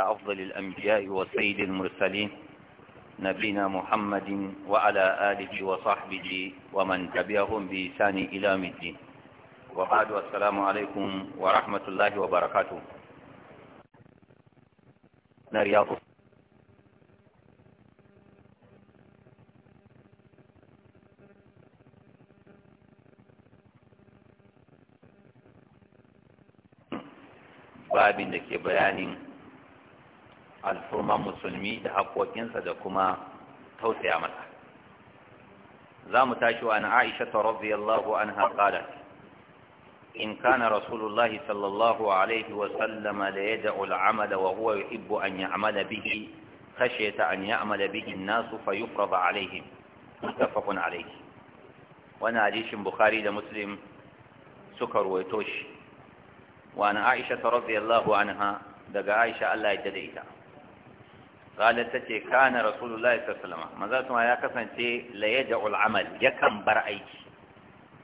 أفضل الأنبياء وسيد المرسلين نبينا محمد وعلى آله وصحبه ومن تبعهم بإسان إلى الدين وبعد والسلام عليكم ورحمة الله وبركاته نرياض babin da بيانين alfurman musulmi da haƙoƙinsa da kuma tausaya masa za mu tashi wa an aisha ta radiyallahu an haƙada in kana rasulullahi sallallahu alaihi wasallama da ya da'ul amala wa huwa yuhibbu an ya'mala bihi kashe ta an ya'mala bihi nasu fa yufrada alaihim muttafaqun alaihi wannan hadisin bukhari da muslim suka ruwaito shi wa an aisha ta an ha daga aisha Allah ya dade ita قالت ta ce, رسول الله صلى الله ya kasance ماذا سمع يا كسن تي ليدع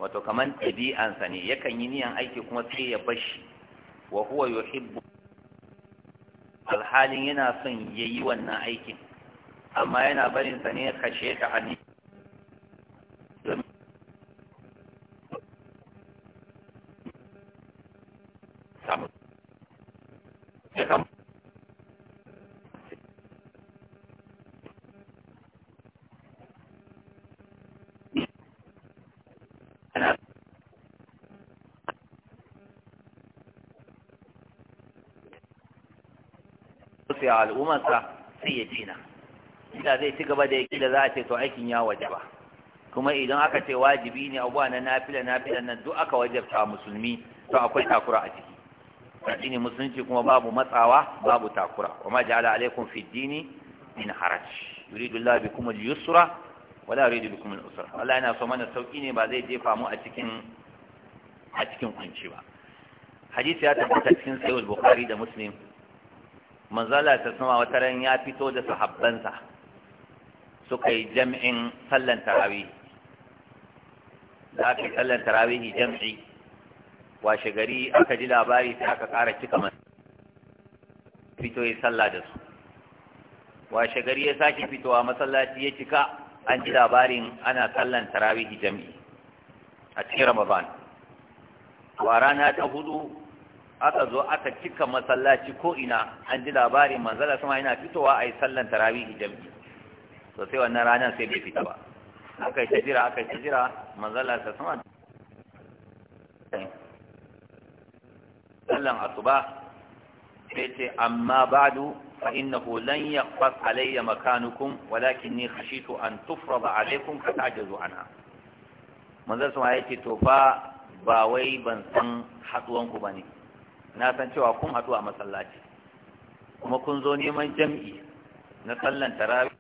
wato kamar ɗabi'ansa ne yakan yi niyan aiki kuma sai ya bashi wa huwa alhalin yana son yayi wannan aikin amma yana barinsa ne kashe ka ani rufe a al'ummarsa sai ya dina inda zai ci gaba da ya kila za a ce to aikin ya waje ba kuma idan aka ce wajibi ne abuwa na nafila nafila nan duk aka wajabta musulmi to akwai takura a ciki addini musulunci kuma babu matsawa babu takura Kuma ma ja'ala alaikum fi dini min haraj yuridu Allah bikum al-yusra wa la yuridu bikum al-usra Allah yana so mana sauki ne ba zai jefa mu a cikin a cikin kunci ba hadisi ya tabbata cikin sahih al-bukhari da muslim manzala ta sama wata ran ya fito da sahabbansa suka yi jam'in sallan tarawih da aka yi sallan tarawih jam'i washe gari aka ji labari sai aka ƙara cika man fito ya sallah da su washe gari ya sake fitowa masallaci ya cika an ji labarin ana sallan tarawih jam'i a cikin ramadan wa rana ta hudu aka zo aka cika masallaci ko ina an ji labarin manzala sama yana fitowa a yi sallan tarawihi jam'i to sai wannan ranar sai bai fita ba aka yi ta jira aka yi ta jira manzala ta sama sallan asuba sai ce amma ba'du fa innahu lan yaqfas alayya makanukum walakinni khashitu an tufrada alaykum fatajazu anha manzala sama yace to fa ba wai ban san haduwanku bane na san cewa kun haɗu a masallaci kuma kun zo neman jam'i na sallan tarawih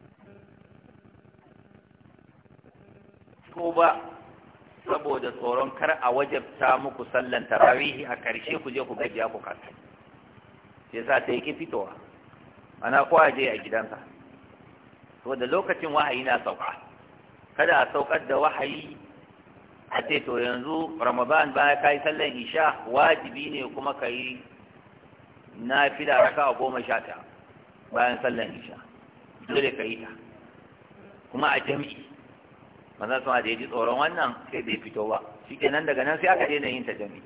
ko ba saboda tsoron kar a wajabta muku sallan tarawih a ƙarshe ku je ku gajiya ku kasu sai sa ta yake fitowa ana kowa je a gidansa saboda lokacin wahayi na sauka kada a saukar da wahayi a ce to yanzu ramadan baya ka yi sallan isha wajibi ne kuma ka yi na fi da raka goma sha ta bayan sallan isha dole ka yi ta kuma a jami'i manzan sama da ya ji tsoron wannan sai bai fito ba shi ke nan daga nan sai aka daina yin ta jami'i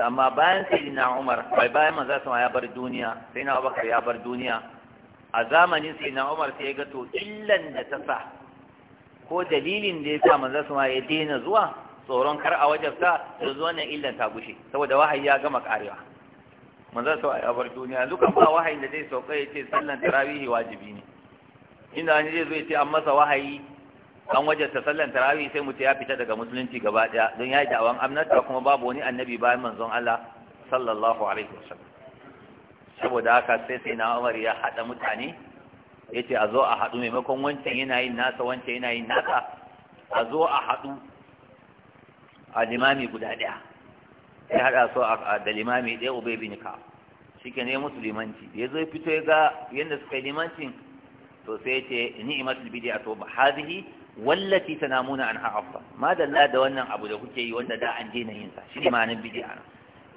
amma bayan na Umar bai bayan manzo sama ya bar duniya sai na Abubakar ya bar duniya a zamanin na Umar sai ya ga to illan da ta sa ko dalilin da ya sa su sama ya daina zuwa tsoron kar a wajabta da zuwa na illan ta gushe saboda wahayi ya gama karewa manzo sama a bar duniya duka ba wahayin da zai sauka ya ce sallan tarawihi wajibi ne inda wani zai zo ya ce an masa wahayi an wajabta sallan tarawihi sai mu ce ya fita daga musulunci gaba daya don ya yi da'awan amnata kuma babu wani annabi bayan manzon Allah sallallahu alaihi wasallam saboda haka sai sai na Umar ya hada mutane ya ce a zo a haɗu maimakon wancan yana yin nasa wancan yana yin nasa a zo a haɗu a limami guda ɗaya ya haɗa so da limami ɗaya ubai bin shi ke ne musu limanci ya zo fito ya ga yadda suka yi limancin to sai ya ce ni imatul bidi a toba hazihi wallati ta namuna an ha'afa ma dalla da wannan abu da kuke yi wanda da an daina yinsa shi ne ma'anin bidi a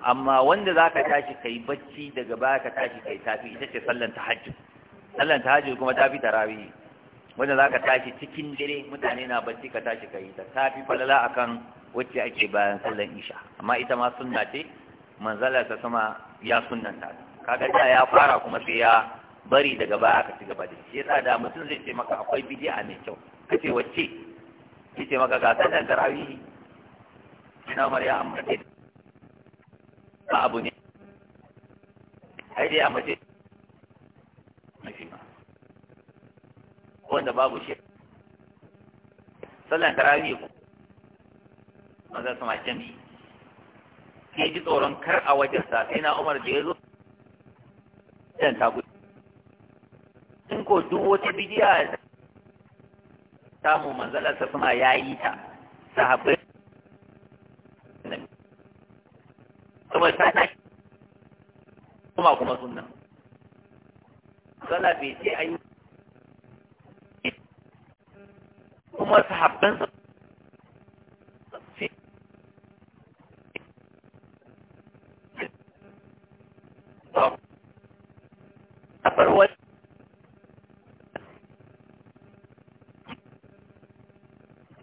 amma wanda za ka tashi yi bacci daga baya ka tashi yi tafi ita ce sallan hajji. ta Hajji kuma ta fi tarawi wanda zaka tashi cikin dare mutane na bacci ka tashi kai ta tafi falala akan wacce ake bayan sallan isha amma ita ma sunna ce manzala ta sama ya sunnanta kaga da ya fara kuma sai ya bari daga baya aka ci gaba da shi yasa da mutum zai ce maka akwai bid'a mai kyau kace wacce kace maka ga sallar tarawih ina maryam ba abu ne ai dai amma mace nafila wanda babu shi sallan tarawih ko maza sama Jami. ke ji tsoron kar a sa sai na umar da ya zo dan ta gudu in ko duk wata bidiya samu manzalar sa suna yayi ta sahabbai kuma ta kuma kuma sunna sallah bai ce a yi kuma sahabban sa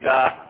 ga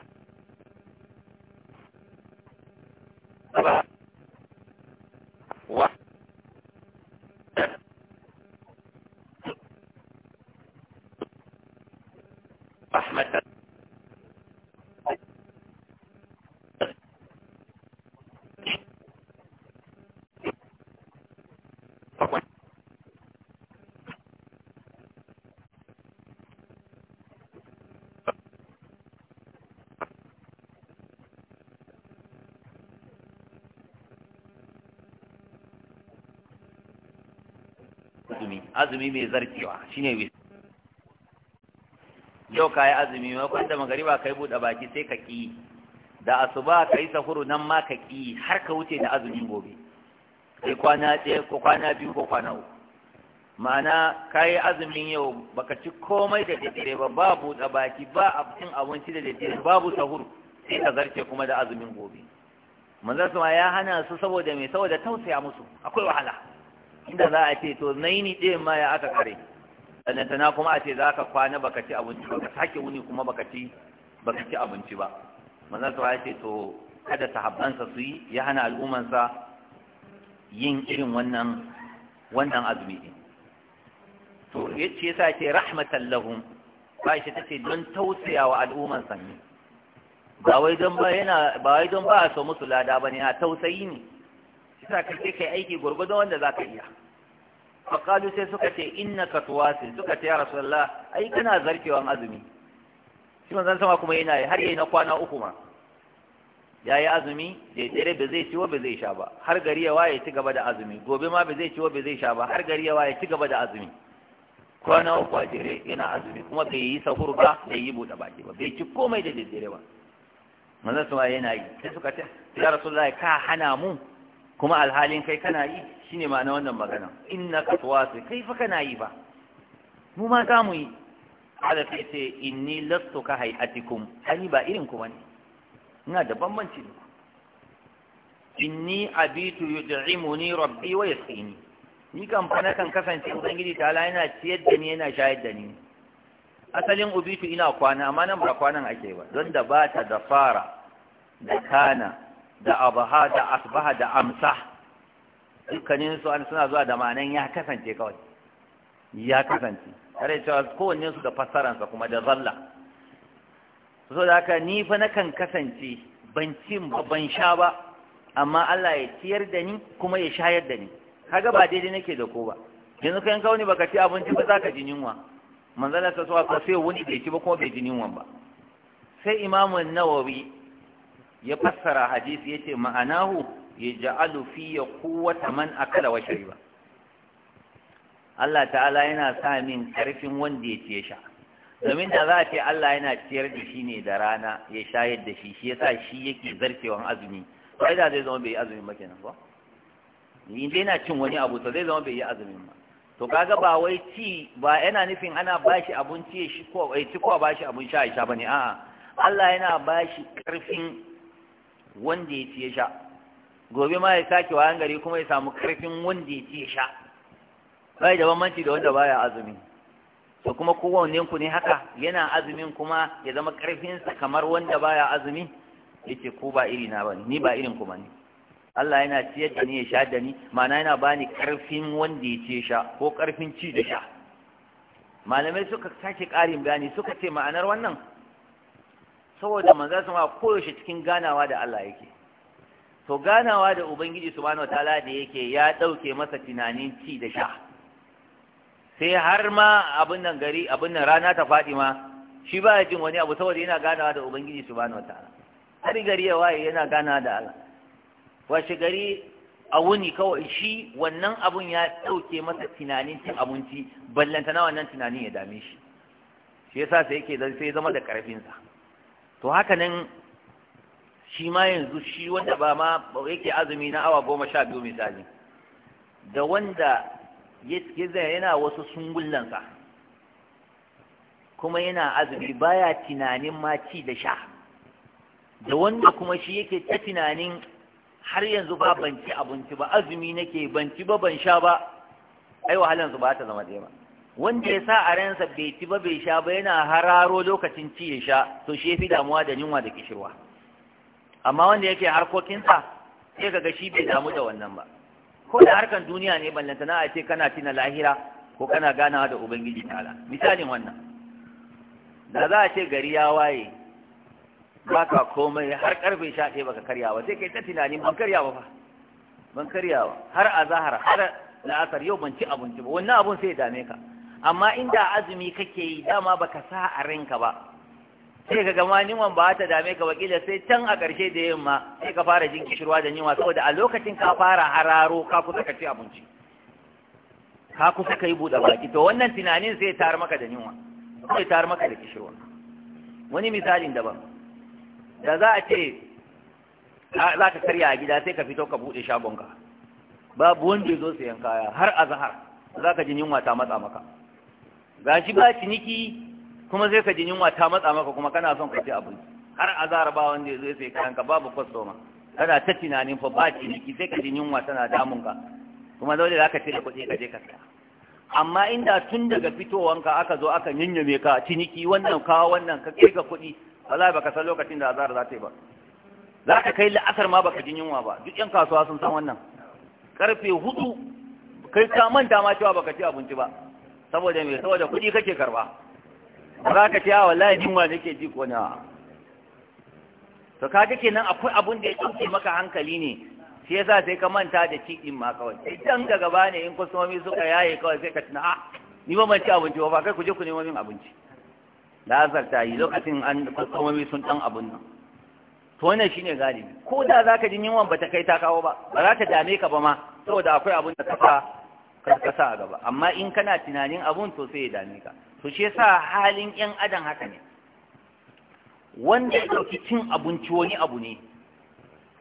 azumi azumi mai zarcewa shine wis yau kai azumi ma kwanda magariba kai bude baki sai ka ki da asuba kai sahuru nan ma ka ki har ka wuce da azumin gobe sai kwana ɗaya ko kwana biyu ko kwana uku ma'ana kayi azumin yau baka ci komai da daddare ba ba bude baki ba abin abinci da daddare babu sahuru sai ka zarce kuma da azumin gobe manzo ma ya hana su saboda me saboda tausaya musu akwai wahala inda za a ce to naini ɗayan ma ya aka kare sannan kuma a ce za ka kwana baka ci abinci ba ka sake wuni kuma baka ci baka ci abinci ba manzon sa ya ce to kada sahabbansa su yi ya hana al'ummansa yin irin wannan wannan azumi din to ce sa ce rahmatan lahum ta ce don tausayawa al'umman sa ne ba wai don ba yana ba wai don ba so musu lada bane a tausayi ne sa ka kake kai aiki gurgurdo wanda za ka iya faƙalu sai suka ce inna ka tuwasi suka ce ya rasulallah ai kana zarkewan azumi shi manzon sama kuma yana yi har yayi na kwana uku ma ya yi azumi da dare ba zai ciwo ba zai sha ba har gari ya waye ci gaba da azumi gobe ma ba zai ciwo ba zai sha ba har gari ya waye ci gaba da azumi kwana uku a jere yana azumi kuma bai yi sahur ba bai yi buɗe baki ba bai ci komai da jere ba manzon sama yana yi sai suka ce ya rasulullahi ka hana mu kuma alhalin kai kana yi ma na wannan magana innaka tuwasi kai fa kana yi ba mu ma za mu yi ala sai ce inni lastu ka hayatikum ani ba irin kuma ne. ina da bambanci da inni abitu yud'imuni rabbi wa yasqini ni kan fa na kan kasance ubangiji ta ala yana ciyar da ni yana shayar da ni asalin ubitu ina kwana amma nan ba kwanan ake ba don da ba ta da fara da kana da abaha da asbaha da amsa dukkanin su an suna zuwa da ma'anan ya kasance kawai ya kasance kare cewa kowanne su da fassaransa kuma da zalla so da haka ni fa na kan kasance ban cin ba ban sha ba amma Allah ya ciyar da ni kuma ya shayar da ni kaga ba daidai nake da ko ba yanzu kai kawo baka ci abinci ba zaka ji yunwa manzon sa sallallahu ko sai wani bai ci ba kuma bai ji yunwa ba sai imamu nawawi ya fassara hadisi yace ma'anahu yaj'alu fi quwwata man akala wa shariba Allah ta'ala yana sa min karfin wanda ya ciye sha domin da za a ce Allah yana ciyar da shi ne da rana ya shayar da shi shi yasa shi yake zarkewan azumi sai da zai zama bai azumi ba kenan ba in dai yana cin wani abu to zai zama bai yi azumin ba to kaga ba wai ci ba yana nufin ana bashi abun ci shi ko ai ci ko bashi abun sha ya sha bane a'a Allah yana bashi karfin wanda ya ci ya sha gobe ma ya sake wayan gari kuma ya samu karfin wanda ya ci ya sha bai da bambanci da wanda baya azumi to kuma kowanne ku ne haka yana azumin kuma ya zama sa kamar wanda baya azumi yake ku ba iri na bane ni ba irin ku bane Allah yana ci da ni ya sha da ni ma'ana yana bani karfin wanda ya ci ya sha ko karfin ci da sha malamai suka sake ƙarin bayani suka ce ma'anar wannan saboda manzon sama koyaushe cikin ganawa da Allah yake to ganawa da ubangiji subhanahu wataala da yake ya dauke masa tunanin ci da sha sai har ma abin nan gari abin nan rana ta faɗi ma shi ba jin wani abu saboda yana ganawa da ubangiji subhanahu wataala har gari ya waye yana ganawa da Allah washe gari a wuni kawai shi wannan abun ya dauke masa tunanin ci abinci ballanta na wannan tunanin ya dame shi shi yasa sai yake sai zama da ƙarfinsa to haka nan shi ma yanzu shi wanda ba ma yake azumi na awa goma sha biyu misali da wanda yana wasu sungullansa kuma yana azumi baya tunanin ma ci da sha da wanda kuma shi yake ta tunanin har yanzu ba ban ci abinci ba azumi nake banci ba ban sha ba ai wahalan su ba ta zama ɗaya ba wanda ya sa a ransa bai ci ba bai sha ba yana hararo lokacin ci ya sha to shi fi damuwa da yunwa da kishirwa amma wanda yake harkokinsa sai ga shi bai damu da wannan ba ko da harkan duniya ne lantana a ce kana na lahira ko kana ganawa da ubangiji ta'ala misalin wannan da za a ce gari ya waye baka komai har karfe sha ɗaya baka karyawa sai kai ta tunanin ban karyawa ba ban karyawa har a zahara har la'asar yau ban ci abinci ba wannan abun sai ya dame ka amma inda azumi kake yi dama baka sa a ranka ba sai ka gama niman ba ta dame ka wakila sai can a ƙarshe da yamma sai ka fara jin kishirwa da niwa saboda a lokacin ka fara hararo ka kusa ka ci abinci ka kusa ka yi buɗe baki to wannan tunanin sai tar maka da niwa sai tar maka da kishirwa wani misalin daban da za a ce za ka karya a gida sai ka fito ka buɗe shagonka babu wanda ya zo sayan kaya har azahar za ka ji yunwa ta matsa maka Ga shi ba ciniki kuma sai ka ji yunwa ta matsa maka kuma kana son ka ci abinci har azara ba wanda ya zo sai kayan ka babu kwastoma kana ta tunanin fa ba ciniki sai ka ji yunwa tana damun ka kuma dole za ka cire kuɗi ka je ka saya amma inda tun daga fitowanka aka zo aka yinyame ka ciniki wannan kawo wannan ka ka kuɗi wallahi baka san lokacin da azara za ta yi ba za ka kai la'akar ma baka jin yunwa ba duk yan kasuwa sun san wannan karfe hudu kai ka manta ma cewa baka ci abinci ba saboda me saboda kuɗi kake karba za ka ce yawa ah, wallahi jin wa nake ji ko nawa? to kaga kenan akwai abun da ya ɗauke maka hankali ne shi yasa sai ka manta da ci din ma kawai idan ga gaba ne in kusomi suka yaye kawai sai ka tuna a ah, ni ba man ci abinci ba kai ku je ku nemo min abinci lazar ta yi lokacin an kusomi sun dan abun nan to wannan shine galibi ko da zaka ji yunwan ba ta kai ta kawo ba ba za ta dame ka ba ma saboda akwai abun da ka karkasa a gaba amma in kana tunanin abun to sai ya dame ka to shi yasa halin yan adam haka ne wanda ya dauki cin abinci wani abu ne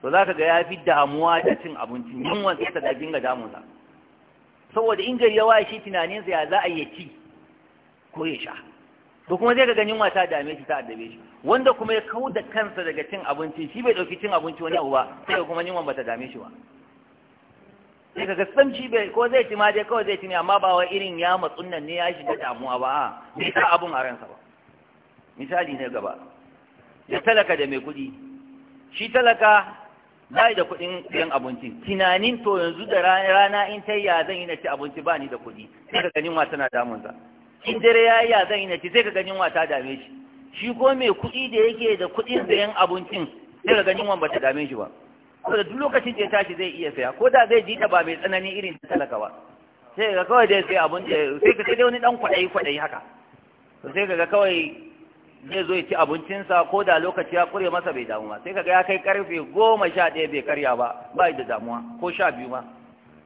to zaka ga ya fi damuwa da cin abinci yunwan sai ta ga dinga damunsa saboda in gari ya waye shi tunanin sa ya za a yi ci ko ya sha to kuma zai ga ganin wata dame shi ta addabe shi wanda kuma ya kau da kansa daga cin abinci shi bai dauki cin abinci wani abu ba sai kuma ba bata dame shi ba sai kaga samci bai ko zai ci ma kawai zai ci ne amma ba wai irin ya matsun nan ne ya shiga damuwa ba a bai sa abun a ransa ba misali ne gaba ya talaka da mai kuɗi shi talaka ba da kuɗin yan abincin tunanin to yanzu da rana in ta ya zan yi na ci abinci ba ni da kuɗi sai ka ganin wata na damunsa in dare ya ya zan yi na ci sai ka ganin wata dame shi shi ko mai kuɗi da yake da kuɗin yan abincin sai ka ganin wata ba ta dame shi ba saboda duk lokacin da ya tashi zai iya saya ko da zai ji ta ba mai tsanani irin ta talaka ba sai ga kawai dai sai abun da sai ka sai wani dan kwaɗayi kwaɗayi haka to sai ga kawai zai zo ya ci abincinsa ko da lokaci ya kure masa bai damu ba sai kaga ya kai karfe goma sha ɗaya bai karya ba ba da damuwa ko sha biyu ma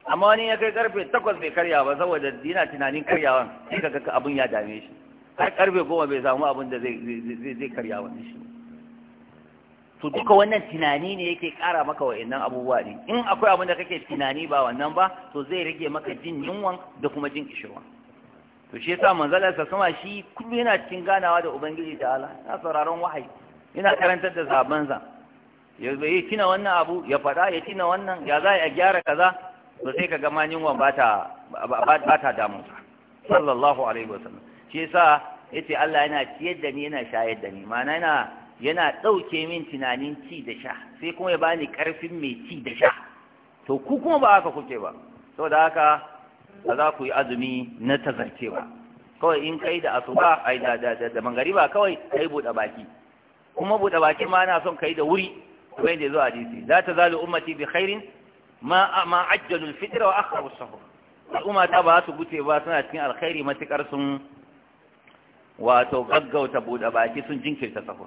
amma wani ya kai karfe takwas bai karya ba saboda yana tunanin karyawan sai kaga abun ya dame shi har karfe goma bai samu abun da zai karya wani shi to duka wannan tunani ne yake ƙara maka wa'annan abubuwa ne in akwai abin da kake tunani ba wannan ba to zai rage maka jin yunwan da kuma jin kishirwa to shi yasa manzalar sa sama shi kullu yana cikin ganawa da ubangiji da Allah. yana sauraron wahayi yana karantar da sa ya zai kina wannan abu ya faɗa ya kina wannan ya za a gyara kaza to sai ka gama yunwan ba ta ba ta damunsa sallallahu alaihi wasallam shi yasa yace Allah yana ciyar da ni yana shayar da ni ma'ana yana yana ɗauke min tunanin ci da sha sai kuma ya bani ƙarfin mai ci da sha to ku kuma ba haka kuke ba saboda haka ba za ku yi azumi na tazarce ba kawai in kai da asuba ai da da da ba kawai kai buɗe baki kuma buɗe baki ma na son kai da wuri kuma yadda zuwa hadisi ta zalu ummati bi khairin ma ma ajjalu al wa akharu as-suhur al'umma ta ba su gute ba suna cikin alkhairi matukar sun wato gaggauta buɗe baki sun jinkirta sahur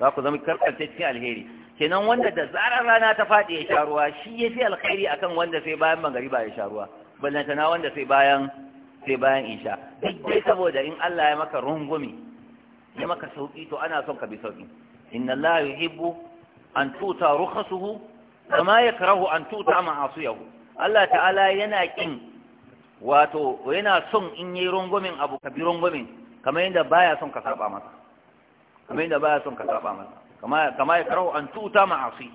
za ku zama karkarce cikin alheri kenan wanda da zarar rana ta faɗi ya sha ruwa shi ya fi alkhairi akan wanda sai bayan magariba ya sha ruwa na wanda sai bayan sai bayan isha duk dai saboda in Allah ya maka rungumi ya maka sauki to ana son ka bi sauki inna Allah yuhibbu an tuta rukhasuhu kama yakrahu an tuta ma'asiyahu Allah ta'ala yana kin wato yana son in yi rungumin abu ka bi rungumin kamar yadda baya son ka saba masa kamar yadda baya son ka saba masa Kamar kama ya karahu an tuta ma'asi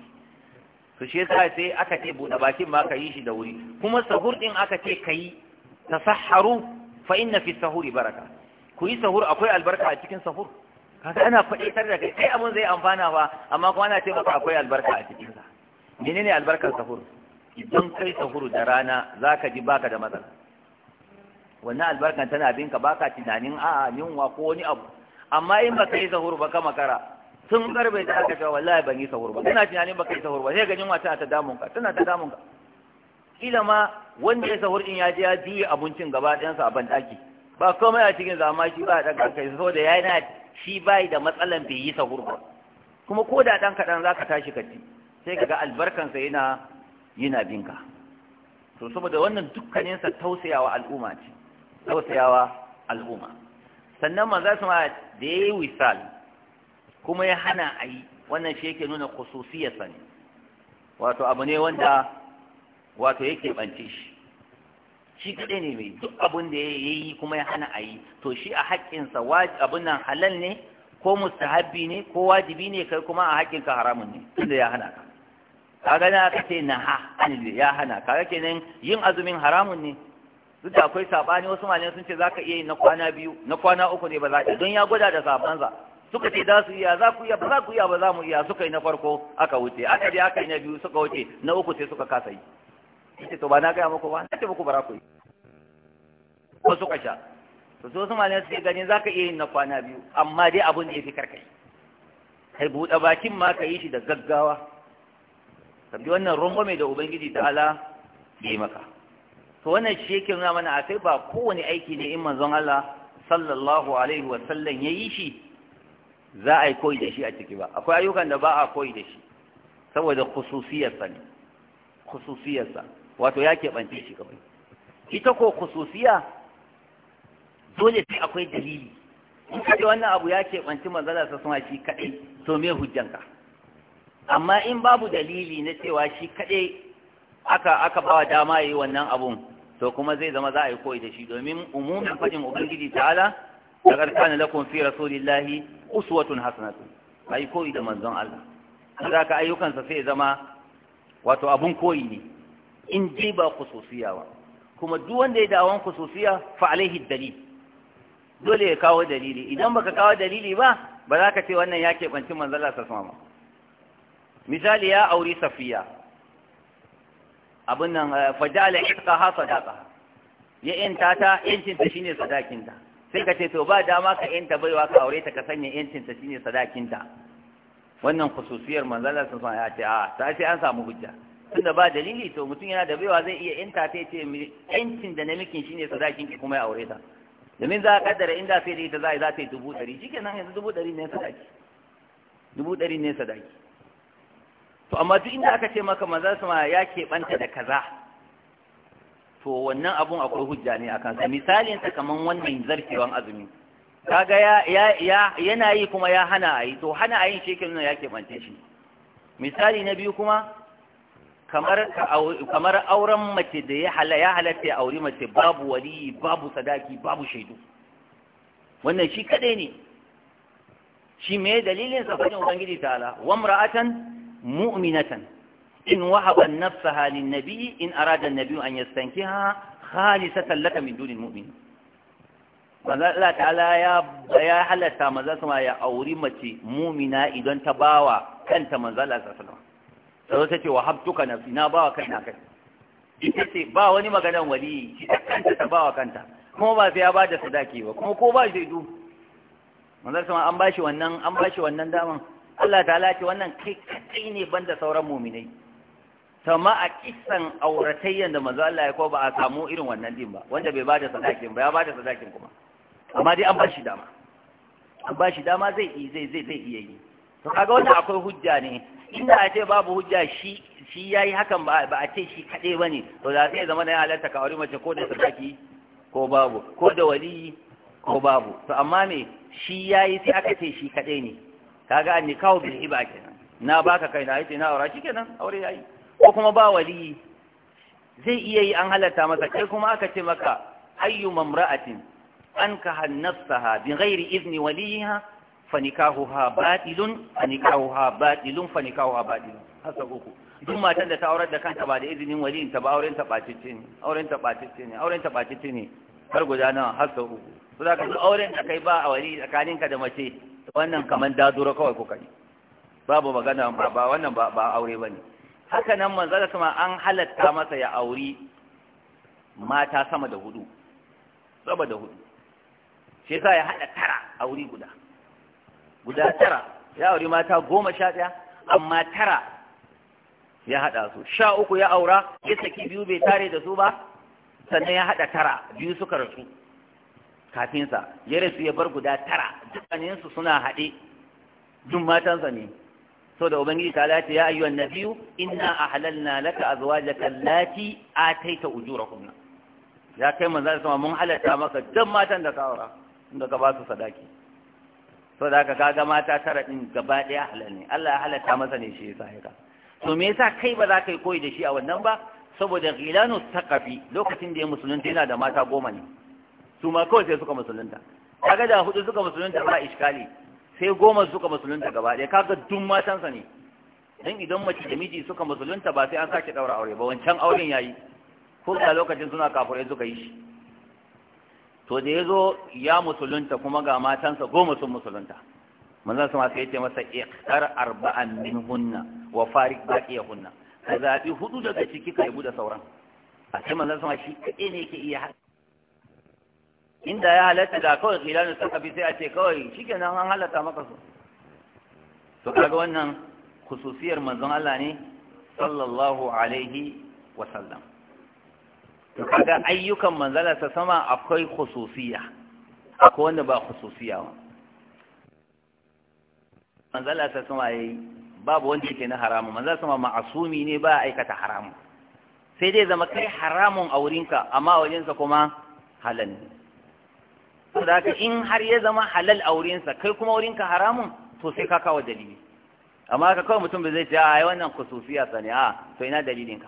to shi yasa sai aka ce buɗe bakin ma ka yi shi da wuri kuma sahur din aka ce ka yi ta tasahharu fa inna fi sahuri baraka ku yi sahur akwai albarka a cikin sahur kaga ana faɗi faɗitar da kai kai abun zai amfana ba amma kuma ana ce maka akwai albarka a cikin sa menene albarkar sahur idan kai sahur da rana zaka ji baka da matsala wannan albarkan tana binka baka tunanin a'a yunwa ko wani abu amma in baka yi sahur ba ka makara tun karbe ta aka cewa wallahi ban yi sahur ba kana tunanin baka yi sahur ba sai ganin wata ta damun ka tana ta damun ka kila ma wanda ya sahur din ya je ya juye abincin gaba ɗayan sa a bandaki ba komai a cikin zamaki shi ba da kanka saboda ya yana shi bai da matsalan bai yi sahur ba kuma ko da dan kadan zaka tashi ka ci sai kaga albarkan sa yana yana binka to saboda wannan dukkanin sa tausayawa al'umma ce tausayawa al'umma sannan su ma da ya yi wisal kuma ya hana a yi wannan shi yake nuna khususiyar sa ne wato abu ne wanda wato yake bance shi shi kaɗai ne mai duk abin da ya yi kuma ya hana a yi to shi a haƙƙinsa abin nan halal ne ko mustahabbi ne ko wajibi ne kai kuma a haƙƙinka haramun ne tunda ya hana ka kaga na ka ce na ha ya hana kaga kenan yin azumin haramun ne duk da akwai sabani wasu malamai sun ce zaka iya yin na kwana biyu na kwana uku ne ba za ka don ya gwada da sabansa suka ce za su iya za ku iya ba za ku iya ba za mu iya suka yi na farko aka wuce aka je aka yi na biyu suka wuce na uku sai suka kasa yi ce to ba na gaya muku ba na ce muku bara ku yi ko suka sha to so su malamai suke ganin za ka iya yin na kwana biyu amma dai abin da ya fi karkai kai buɗe bakin ma ka yi shi da gaggawa sabbi wannan rungume da ubangiji ta'ala ya yi maka to wannan shi yake nuna mana akai ba kowane aiki ne in manzon Allah sallallahu alaihi wa sallam yayi shi za a yi koyi da shi a ciki ba akwai ayyukan da ba a koyi da shi saboda khususiyarsa ne khususiyarsa wato ya keɓance shi kawai ita ko khususiya dole sai akwai dalili in kaje wannan abu ya keɓanci manzala sa suna shi kaɗai to me hujjanka amma in babu dalili na cewa shi kaɗai aka aka bawa dama yi wannan abun to kuma zai zama za a yi koyi da shi domin umumin fadin ubangiji ta'ala laqad kana lakum fi rasulillahi uswatun A yi koyi da manzon Allah kaga ka ayyukansa sai zama wato abun koyi ne in ji ba khususiya ba kuma duk wanda ya da'awan khususiya fa alaihi dalil dole ya kawo dalili idan baka kawo dalili ba ba za ka ce wannan ya keɓanci manzon Allah sallallahu alaihi misali ya auri safiya abin nan eh, fajala iska ha sadaka ya yanta ta yancin ta shine sadakin ta sai ka ce to ba dama ka yanta baiwa ka aure ta ka sanya yancin ta shine sadakin ta wannan khususiyar manzala sun san ya ce a ta sai an samu hujja tunda ba dalili to mutum yana da baiwa zai iya yanta ta ce yancin da namikin shine sadakin ki kuma ya aure ta domin za a kaddara inda sai da ita za a yi za ta yi dubu ɗari shikenan yanzu dubu ɗari ne sadaki dubu ɗari ne sadaki to amma duk inda aka ce maka su sama ya keɓanta da kaza to wannan abun akwai hujja ne akan sa misalin sa kaman wannan zarkewan azumi kaga ya ya yana yi kuma ya hana yi. to hana yin shi kenan ya keɓance shi misali na biyu kuma kamar kamar auren mace da ya hala ya halatta ya auri mace babu wali babu sadaki babu shaidu wannan shi kadai ne shi me dalilin sa fadin ubangiji ta'ala wa mra'atan mu'minatan in wahaban nafsaha lin nabi in arada an-nabi an yastankiha khalisatan laka min dunil mu'minin manzo Allah ta'ala ya ya halatta maza sama ya auri mace mumina idan ta bawa kanta manzo Allah sallallahu ce wahabtuka nafsi na bawa kanta kai ita ce ba wani maganan wali kanta ta bawa kanta kuma ba sai ya bada sadaki ba kuma ko ba bashi wannan an bashi wannan daman Allah ta ce wannan kai kadai ne banda sauran muminai sama a kisan auratayyan da manzo Allah ya ko ba a samu irin wannan din ba wanda bai bada sadakin ba ya bada sadakin kuma amma dai an ba shi dama an ba shi dama zai yi zai zai zai iya yi to kaga wannan akwai hujja ne inda a ce babu hujja shi shi yayi hakan ba ba a ce shi kadai bane to da sai zama na ya halatta ka wuri mace ko da sadaki ko babu ko da wali ko babu to amma me shi yayi sai aka ce shi kadai ne kaga an nikahu bil hiba kenan na baka kai na yace na aura kenan aure yayi ko kuma ba wali zai iya yi an halatta masa kai kuma aka ce maka ayyu mamra'atin ankaha nafsaha bi ghairi izni waliha fa nikahuha batilun fa nikahuha batilun fa nikahuha batilun hasa uku duk matan da ta aurar da kanta ba da izinin waliyin ta ba auren ta bacicce ne auren ta bacicce ne auren ta bacicce ne har guda nawa har sau uku to zaka duk auren da kai ba a wali tsakaninka da mace wannan kaman daduro kawai kuka yi babu magana ba wannan ba aure ba ne haka nan da kuma an halatta masa ya auri mata sama da hudu sama da hudu shi yasa ya haɗa tara auri guda guda tara ya auri mata goma sha amma tara ya haɗa su sha uku ya aura ya saki biyu bai tare da su ba sannan ya haɗa tara biyu suka rasu kafinsa ya rasu ya bar guda tara dukkaninsu suna haɗe duk matansa ne so da ubangiji ta lati ya ayyuhan nabiyu inna ahlalna laka azwajaka allati ataita ujurakum ya kai manzo sama mun halatta maka duk matan da ka aura inda ka ba su sadaki so da ka kaga mata tara din gaba daya halal ne Allah ya halatta masa ne shi yasa haka to me yasa kai ba za ka yi koyi da shi a wannan ba saboda ghilanu taqafi lokacin da ya musulunta yana da mata goma ne su ma kawai sai suka musulunta kaga da hudu suka musulunta ba iskali sai goma suka musulunta gaba ɗaya kaga duk matansa ne dan idan mace da miji suka musulunta ba sai an sake daura aure ba wancan auren yayi ko a lokacin suna kafirai suka yi shi to da yazo ya musulunta kuma ga matansa goma sun musulunta manzon sama sai ya ce masa iqtar arba'an minhunna wa farik baqiyahunna ka zabi hudu daga ciki ka yi sauran a sai manzon sama shi kaɗai ne yake iya inda ya halatta da kawai suka sakafi sai a ce kawai nan an halatta maka su su kaga wannan khususiyar manzon Allah ne sallallahu alaihi wa sallam kaga ayyukan manzala ta sama akwai kususiya akwai wanda ba kususiya wa manzala ta sama yi babu wanda yake na haramu manzala sama ma'asumi ne ba aikata haramu sai dai zama kai haramun a wurinka amma wajensa kuma halal ne saboda haka in har ya zama halal a wurinsa kai kuma wurinka haramun to sai ka kawo dalili amma haka kawai mutum ba zai ce a wannan kususiya sa ne a to ina dalilinka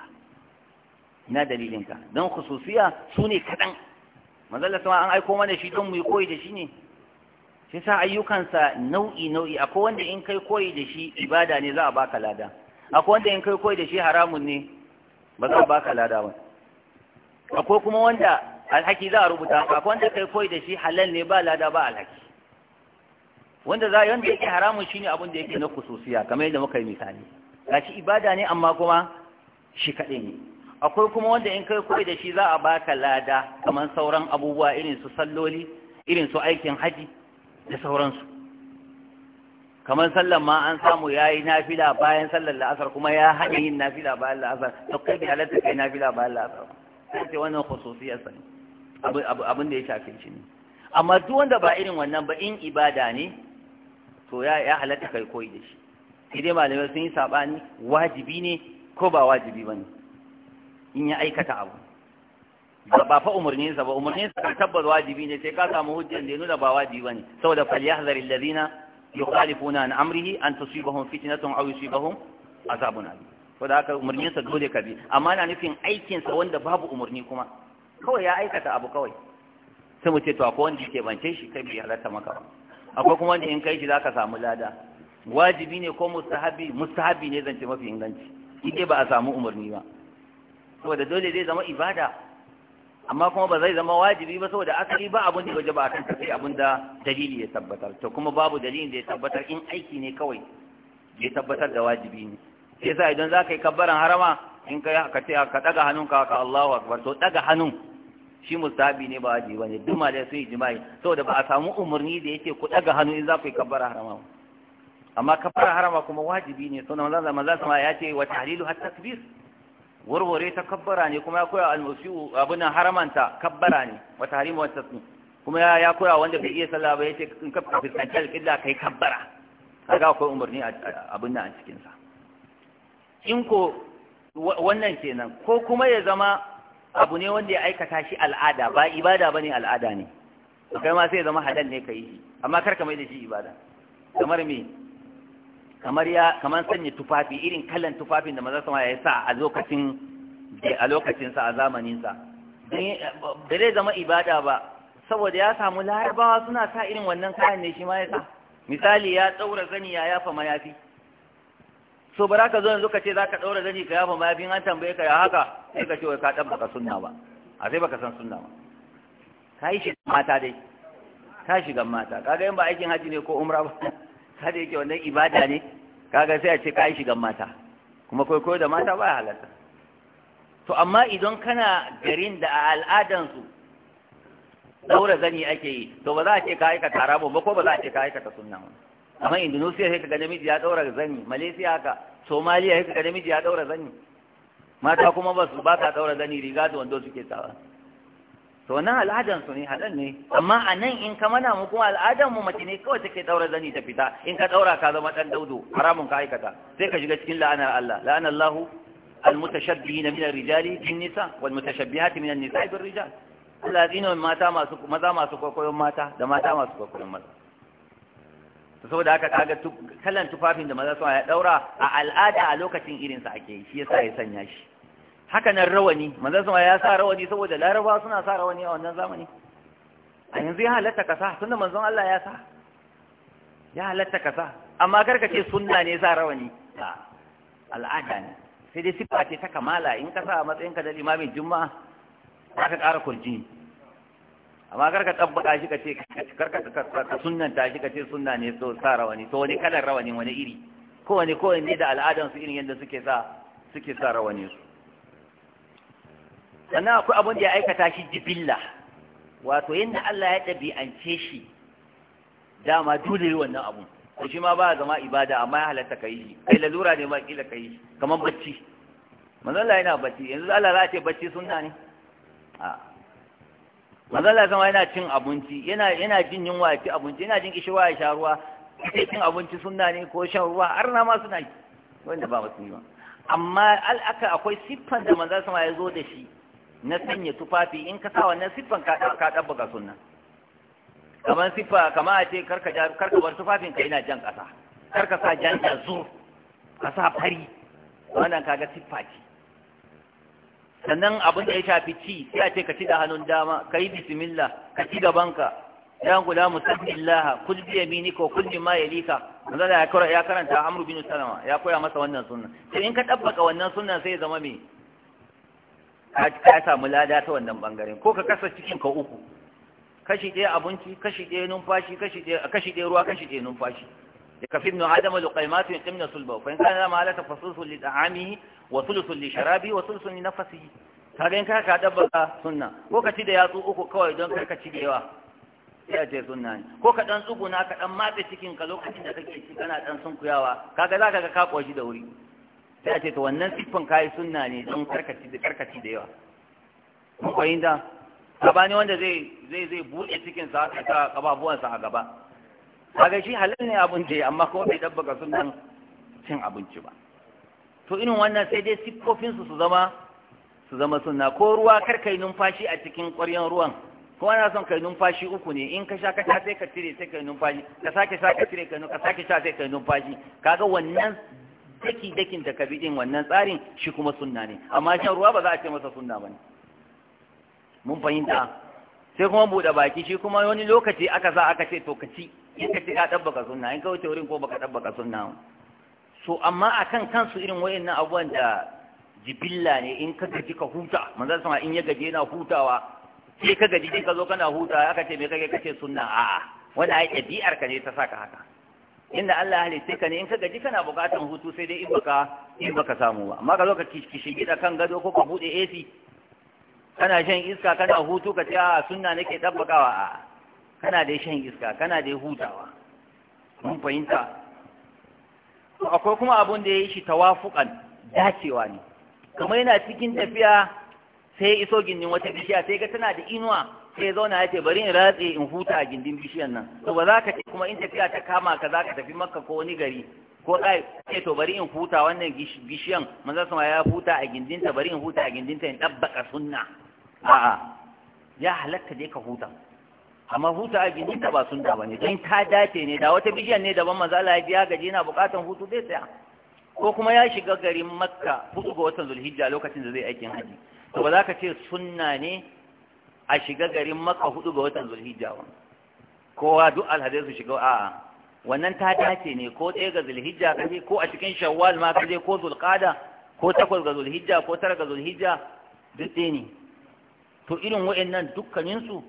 ina dalilinka don kususiya su ne kaɗan manzala sama an aiko mana shi don mu yi koyi da shi ne shi sa ayyukansa nau'i nau'i akwai wanda in kai koyi da shi ibada ne za a baka lada akwai wanda in kai koyi da shi haramun ne ba za a baka lada ba akwai kuma wanda alhaki za a rubuta haka wanda kai koyi da shi halal ne ba lada ba alhaki wanda za yanda yake haramun shine abin da yake na kususiya kamar yadda muka yi misali gashi ibada ne amma kuma shi kaɗai ne akwai kuma wanda in kai koyi da shi za a baka lada kamar sauran abubuwa irin su salloli irin su aikin haji da sauransu kamar sallan ma an samu ya yi nafila bayan sallar la'asar kuma ya haɗe yin nafila bayan la'asar to kai bi halatta kai nafila bayan la'asar sai wannan khususiyar sani abin da ya shafe shi ne amma duk wanda ba irin wannan ba in ibada ne to ya ya halatta kai koyi da shi sai dai malamai sun yi sabani wajibi ne ko ba wajibi bane in ya aikata abu ba fa umarnin sa ba umarnin sa tabbas wajibi ne sai ka samu hujjar da ya nuna ba wajibi bane saboda falyahzar alladhina yukhalifuna an amrihi an tusibahum fitnatun aw yusibahum azabun alim saboda haka umarnin sa dole ka bi amma na nufin aikin sa wanda babu umarni kuma kawai ya aikata abu kawai sai mu ce to akwai wanda ke bance shi kai bai halatta maka ba akwai kuma wanda in kai shi zaka samu lada wajibi ne ko mustahabi mustahabi ne zance mafi inganci ide ba a samu umarni ba saboda dole zai zama ibada amma kuma ba zai zama wajibi ba saboda asali ba abin da waje ba akan sai abin da dalili ya tabbatar to kuma babu dalilin da ya tabbatar in aiki ne kawai ya tabbatar da wajibi ne sai sa idan zaka yi kabbaran harama in kai ka ce ka daga hannunka ka Allahu akbar to daga hannun shi musabi ne ba ba ne, duk malai sun yi jima'i saboda ba a samu umarni da yake ku daga hannu in za ku yi kabbara harama amma kabbara harama kuma wajibi ne sunan manzo manzo sama ya ce wa tahlilu hatta takbir warware ta kabbara ne kuma ya koya al-musiu abuna haramanta kabbara ne wa tahrimu wa tasmi kuma ya koya wanda bai iya sallah ba yace in ka fuskanci al-qibla kai kabbara kaga akwai umarni abin nan a cikin sa in ko wannan kenan ko kuma ya zama abu ne wanda ya aikata shi al'ada ba ibada bane al'ada ne to kai ma sai zama halal ne kai amma kar ka mai da shi ibada kamar me kamar ya kamar sanya tufafi irin kallan tufafin da manzon sama ya sa a lokacin a lokacin sa a zamanin sa da zai zama ibada ba saboda ya samu larabawa suna sa irin wannan kayan ne shi ma ya sa misali ya tsaura zaniya ya yafa mayafi so ba za ka zo yanzu ka ce za ka ɗaura zani ka yafa mayafin an tambaye ka ya haka sai ka ce wai ka ɗan baka sunna ba a sai baka san sunna ba ka yi shigan mata dai ka shigan mata kaga yin ba aikin haji ne ko umra ba ka da yake wannan ibada ne kaga sai a ce ka yi shigan mata kuma kai koyo da mata ba ya halatta to amma idan kana garin da a al'adansu ɗaura zani ake yi to ba za a ce ka aikata rabo ba ko ba za a ce ka aikata sunna ba amma indonesia sai kaga namiji ya daura zanni malaysia haka somalia sai kaga namiji ya daura zanni mata kuma ba su ba ka daura zanni riga da wando suke sawa to wannan al'adan su ne hadan ne amma a nan in ka mana mu kuma al'adan mu mace ne kawai take daura zanni ta fita in ka daura ka zama dan daudo haramun ka aikata sai ka shiga cikin la'anar Allah la'anar Allah المتشبهين من الرجال بالنساء والمتشبهات من النساء بالرجال الذين ماتا ما سكو mata ما maza masu ماتا ده da ما masu كويون ماتا to saboda haka kaga kalan tufafin da maza suna ya daura a al'ada a lokacin irin sa ake shi yasa ya sanya shi haka nan rawani maza suna ya sa rawani saboda laraba suna sa rawani a wannan zamani a yanzu ya halatta ka sa tunda manzon Allah ya sa ya halatta ka sa amma karka ce sunna ne sa rawani a al'ada ne sai dai sifa ce ta kamala in ka sa matsayinka da limamin juma'a za ka ƙara kurjini amma kar ka tabbata shi ka ce kar ka sunanta shi ka ce sunna ne so sa rawani to wani kalar rawani wani iri ko wani ko wani da al'adan su irin yadda suke sa suke sa rawani su sannan akwai abin da ya aikata shi jibilla wato yadda Allah ya ɗabi'ance shi dama dole yi wannan abun Ko shi ma ba zama ibada amma ya halatta ka yi shi kai lalura ne ma kila ka yi shi kamar bacci manzon Allah yana bacci yanzu Allah za a ce bacci sunna ne a'a manzala sama yana cin abinci yana yana jin yunwa ya ci abinci yana jin kishiwa ya sha ruwa cin abinci sunna ne ko shan ruwa har na ma suna yi wanda ba yi ba amma al'aka akwai siffan da manzala sama ya zo da shi na sanya tufafi in ka sa wannan siffan ka ka dabbaka sunna kamar siffa kamar a ce karka karka bar tufafin ka ina jan kasa karka sa jan jazur ka sa fari wannan kaga siffa ce sannan abin da ya shafi ci sai a ce ka ci da hannun dama ka yi bismillah ka ci ka ya guda musabbillah kul bi yamini ko kul ma yalika manzo ya kora ya karanta amru bin Salama ya koya masa wannan sunna sai in ka tabbaka wannan sunna sai ya zama me ka samu lada ta wannan bangaren ko ka kasa cikin ka uku kashi ɗaya abinci kashi ɗaya numfashi kashi ɗaya kashi ɗaya ruwa kashi ɗaya numfashi ya kafi ibn adam al-qaimat yaqimna sulba fa in kana ma la tafassusu li ta'amihi wa sulusun li sharabi wa sulusun li nafasi kaga in ka ka dabbaka sunna ko ka ci da yatsu uku kawai don karka ka ci da yawa sai a ce sunna ne ko ka dan tsuguna ka dan matse cikin ka lokacin da kake ci kana dan sunkuyawa kaga zaka ga ka koshi da wuri sai a ce to wannan siffan kai sunna ne don karkaci da karkaci da yawa kun fahimta sabani wanda zai zai zai bude cikin sa ka ta kababuwan sa a gaba kaga shi halal ne abun da amma ko bai dabbaka sunnan cin abinci ba to irin wannan sai dai siffofinsu su zama su zama sunna ko ruwa kar kai numfashi a cikin ƙwaryan ruwan ko ana son kai numfashi uku ne in ka sha ka sha sai ka cire sai kai numfashi ka sake sha ka cire ka sake sha sai kai numfashi kaga wannan daki dakin da ka bidin wannan tsarin shi kuma sunna ne amma shan ruwa ba za a ce masa sunna bane mun fahimta sai kuma buɗe baki shi kuma wani lokaci aka sa aka ce to ka ci in ka ci ka ɗabbaka sunna in ka wuce wurin ko baka ɗabbaka sunna so amma akan kansu irin wayannan abubuwan da jibilla ne in ka gaji ka huta manzo sama in ya gaji yana hutawa sai ka gaji ka zo kana hutawa aka ce me kake kace sunna a'a wanda ai dabi'ar ka ne ta saka haka inda Allah ya halitta ka ne in ka gaji kana bukatan hutu sai dai in baka in baka samu ba amma ka zo ka gida kan gado ko ka bude AC kana shan iska kana hutu ka ce a sunna nake dabbakawa a kana dai shan iska kana dai hutawa mun fahimta to akwai kuma abun da ya yi shi wafukan dacewa ne kamar yana cikin tafiya sai iso gindin wata bishiya sai ga tana da inuwa sai ya zauna ya ce bari in ratse in huta a gindin bishiyan nan to ba za ka ce kuma in tafiya ta kama ka za ka tafi makka ko wani gari ko ɗai ce to bari in huta wannan bishiyan manzan sama ya huta a gindinta bari in huta a gindinta in ɗabbaka sunna a'a ya halatta dai ka huta amma huta a ta ba sun da ne. don ta dace ne da wata bijiyar ne daban maza Allah ya biya gaji yana bukatan hutu zai tsaya ko kuma ya shiga garin Makka hutu ga watan Zulhijja lokacin da zai aikin haji to ba za ka ce sunna ne a shiga garin Makka hutu ga watan Zulhijja ba kowa duk alhadai su shiga a'a wannan ta dace ne ko tsaye ga Zulhijja kaje ko a cikin Shawwal ma kaje ko Zulqa'da ko takwas ga Zulhijja ko tara ga Zulhijja duk ɗaya ne to irin wa'annan dukkaninsu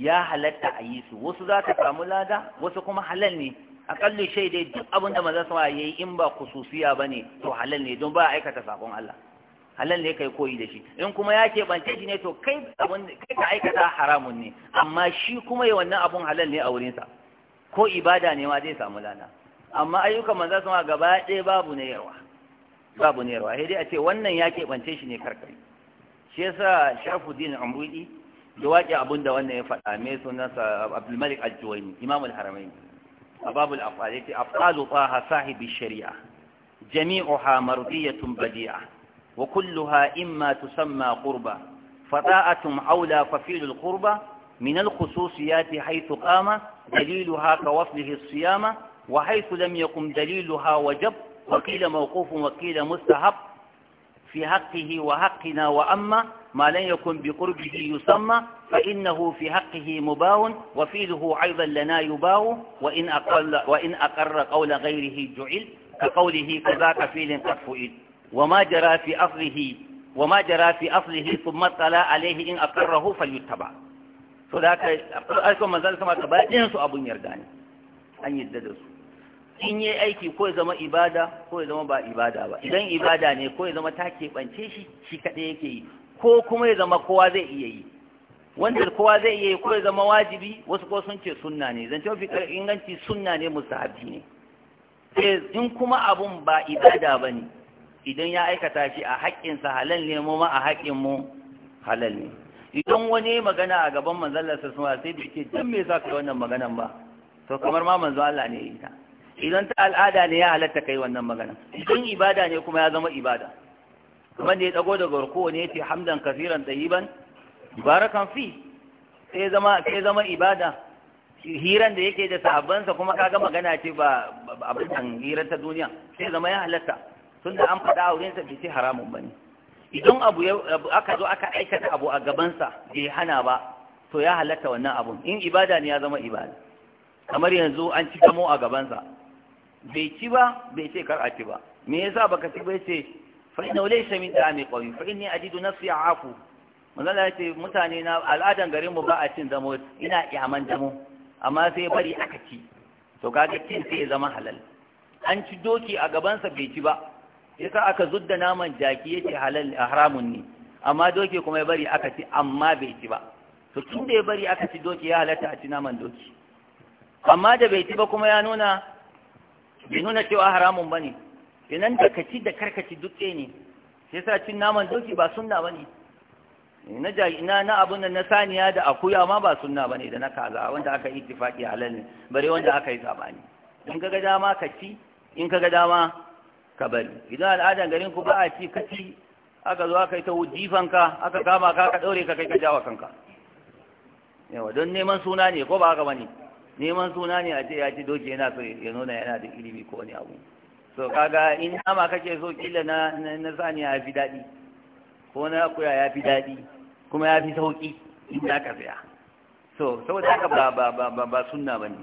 ya halatta a yi su wasu za ka samu lada wasu kuma halal ne akalli shai dai duk abin da maza sama yayi in ba kususiya ba ne to halal ne don ba a aikata sakon Allah halal ne kai koyi da shi in kuma ya keɓance shi ne to kai abin kai ka aikata haramun ne amma shi kuma ya wannan abun halal ne a wurinsa ko ibada ne ma zai samu lada amma ayyukan maza sama gaba ɗaya babu ne yawa babu ne yawa sai dai a ce wannan ya keɓance shi ne karkari shi yasa shafuddin umrudi da waƙi abin da wannan ya faɗa me sunansa abdulmalik aljuwaini imamul haramain ababul afal yace afqalu taha sahibi shari'a jami'uha mardiyatun badi'a wa kulluha imma tusamma qurba fata'atun aula fafilul qurba min alkhususiyati haythu qama daliluha ka waslihi as-siyama wa haythu lam yakun daliluha wajab وقيل موقوف وقيل مستحب في حقه وحقنا وأما ما لن يكن بقربه يسمى فإنه في حقه مباو وفيله أيضا لنا يباو وإن أقل, وإن أقر قول غيره جعل كقوله كذاك فيل قد فئل وما جرى في أصله وما جرى في أصله ثم اطلع عليه إن أقره فليتبع فذاك أقول أيكم ما زال سمع تبا أبو يرداني أن يددسوا in yi aiki ko ya zama ibada ko ya zama ba ibada ba idan ibada ne ko ya zama ta keɓance shi shi kaɗai yake yi ko kuma ya zama kowa zai iya yi wanda kowa zai iya yi ko ya zama wajibi wasu ko sun ce sunna ne zan cewa fitar inganci sunna ne musahabi ne eh, in kuma abun ba ibada ba ne idan ya aikata shi a haƙƙinsa halal ne mu ma a haƙƙinmu halal ne idan wani magana a gaban manzon Allah sai da yake dan me yasa wannan maganan ba to kamar ma manzo Allah ne ya yi ta idan ta al'ada ne ya halatta kai wannan magana idan ibada ne kuma ya zama ibada kuma ya dago daga ruku ne yace hamdan kaseeran tayyiban barakan fi sai zama sai zama ibada hiran da yake da sahabbansa kuma kaga magana ce ba abin nan hiran ta duniya sai zama ya halatta tunda an faɗa a sa bai ce haramun bane idan abu aka zo aka aikata abu a gabansa bai hana ba to ya halatta wannan abun in ibada ne ya zama ibada kamar yanzu an ci gamo a gabansa bai ci ba bai ce kar a ci ba me yasa baka ci bai ce fa inna laysa min dami qawi fa inni ajidu nafsi a'afu manzon ya ce mutane na al'adan garin mu ba a cin zamo, ina iyaman zamo. amma sai bari aka ci to kaga cin sai ya zama halal an ci doki a gabansa bai ci ba yasa aka zudda naman jaki yace halal haramun ne amma doki kuma ya bari aka ci amma bai ci ba to tun da ya bari aka ci doki ya halatta a ci naman doki amma da bai ci ba kuma ya nuna bai nuna cewa haramun ba ne inan da kaci da karkaci dutse ne sai sa cin naman doki ba sunna ba ne na na na abun nan na saniya da akuya ma ba sunna ba ne da na kaza wanda aka yi tifaki halal ne bare wanda aka yi sabani in kaga dama ka ci in kaga dama ka bari idan al'adan garin ku ba a ci ka ci aka zo aka yi ta ka aka kama ka ka daure ka kai ka jawa kanka yawa don neman suna ne ko ba haka bane neman suna ne a ce ya ci doki yana so ya nuna yana da ilimi ko wani abu so kaga in nama kake so kila na na saniya ya fi daɗi ko na kuya ya fi daɗi kuma ya fi sauƙi in da ka saya so saboda haka ba ba ba ba, ba sunna bane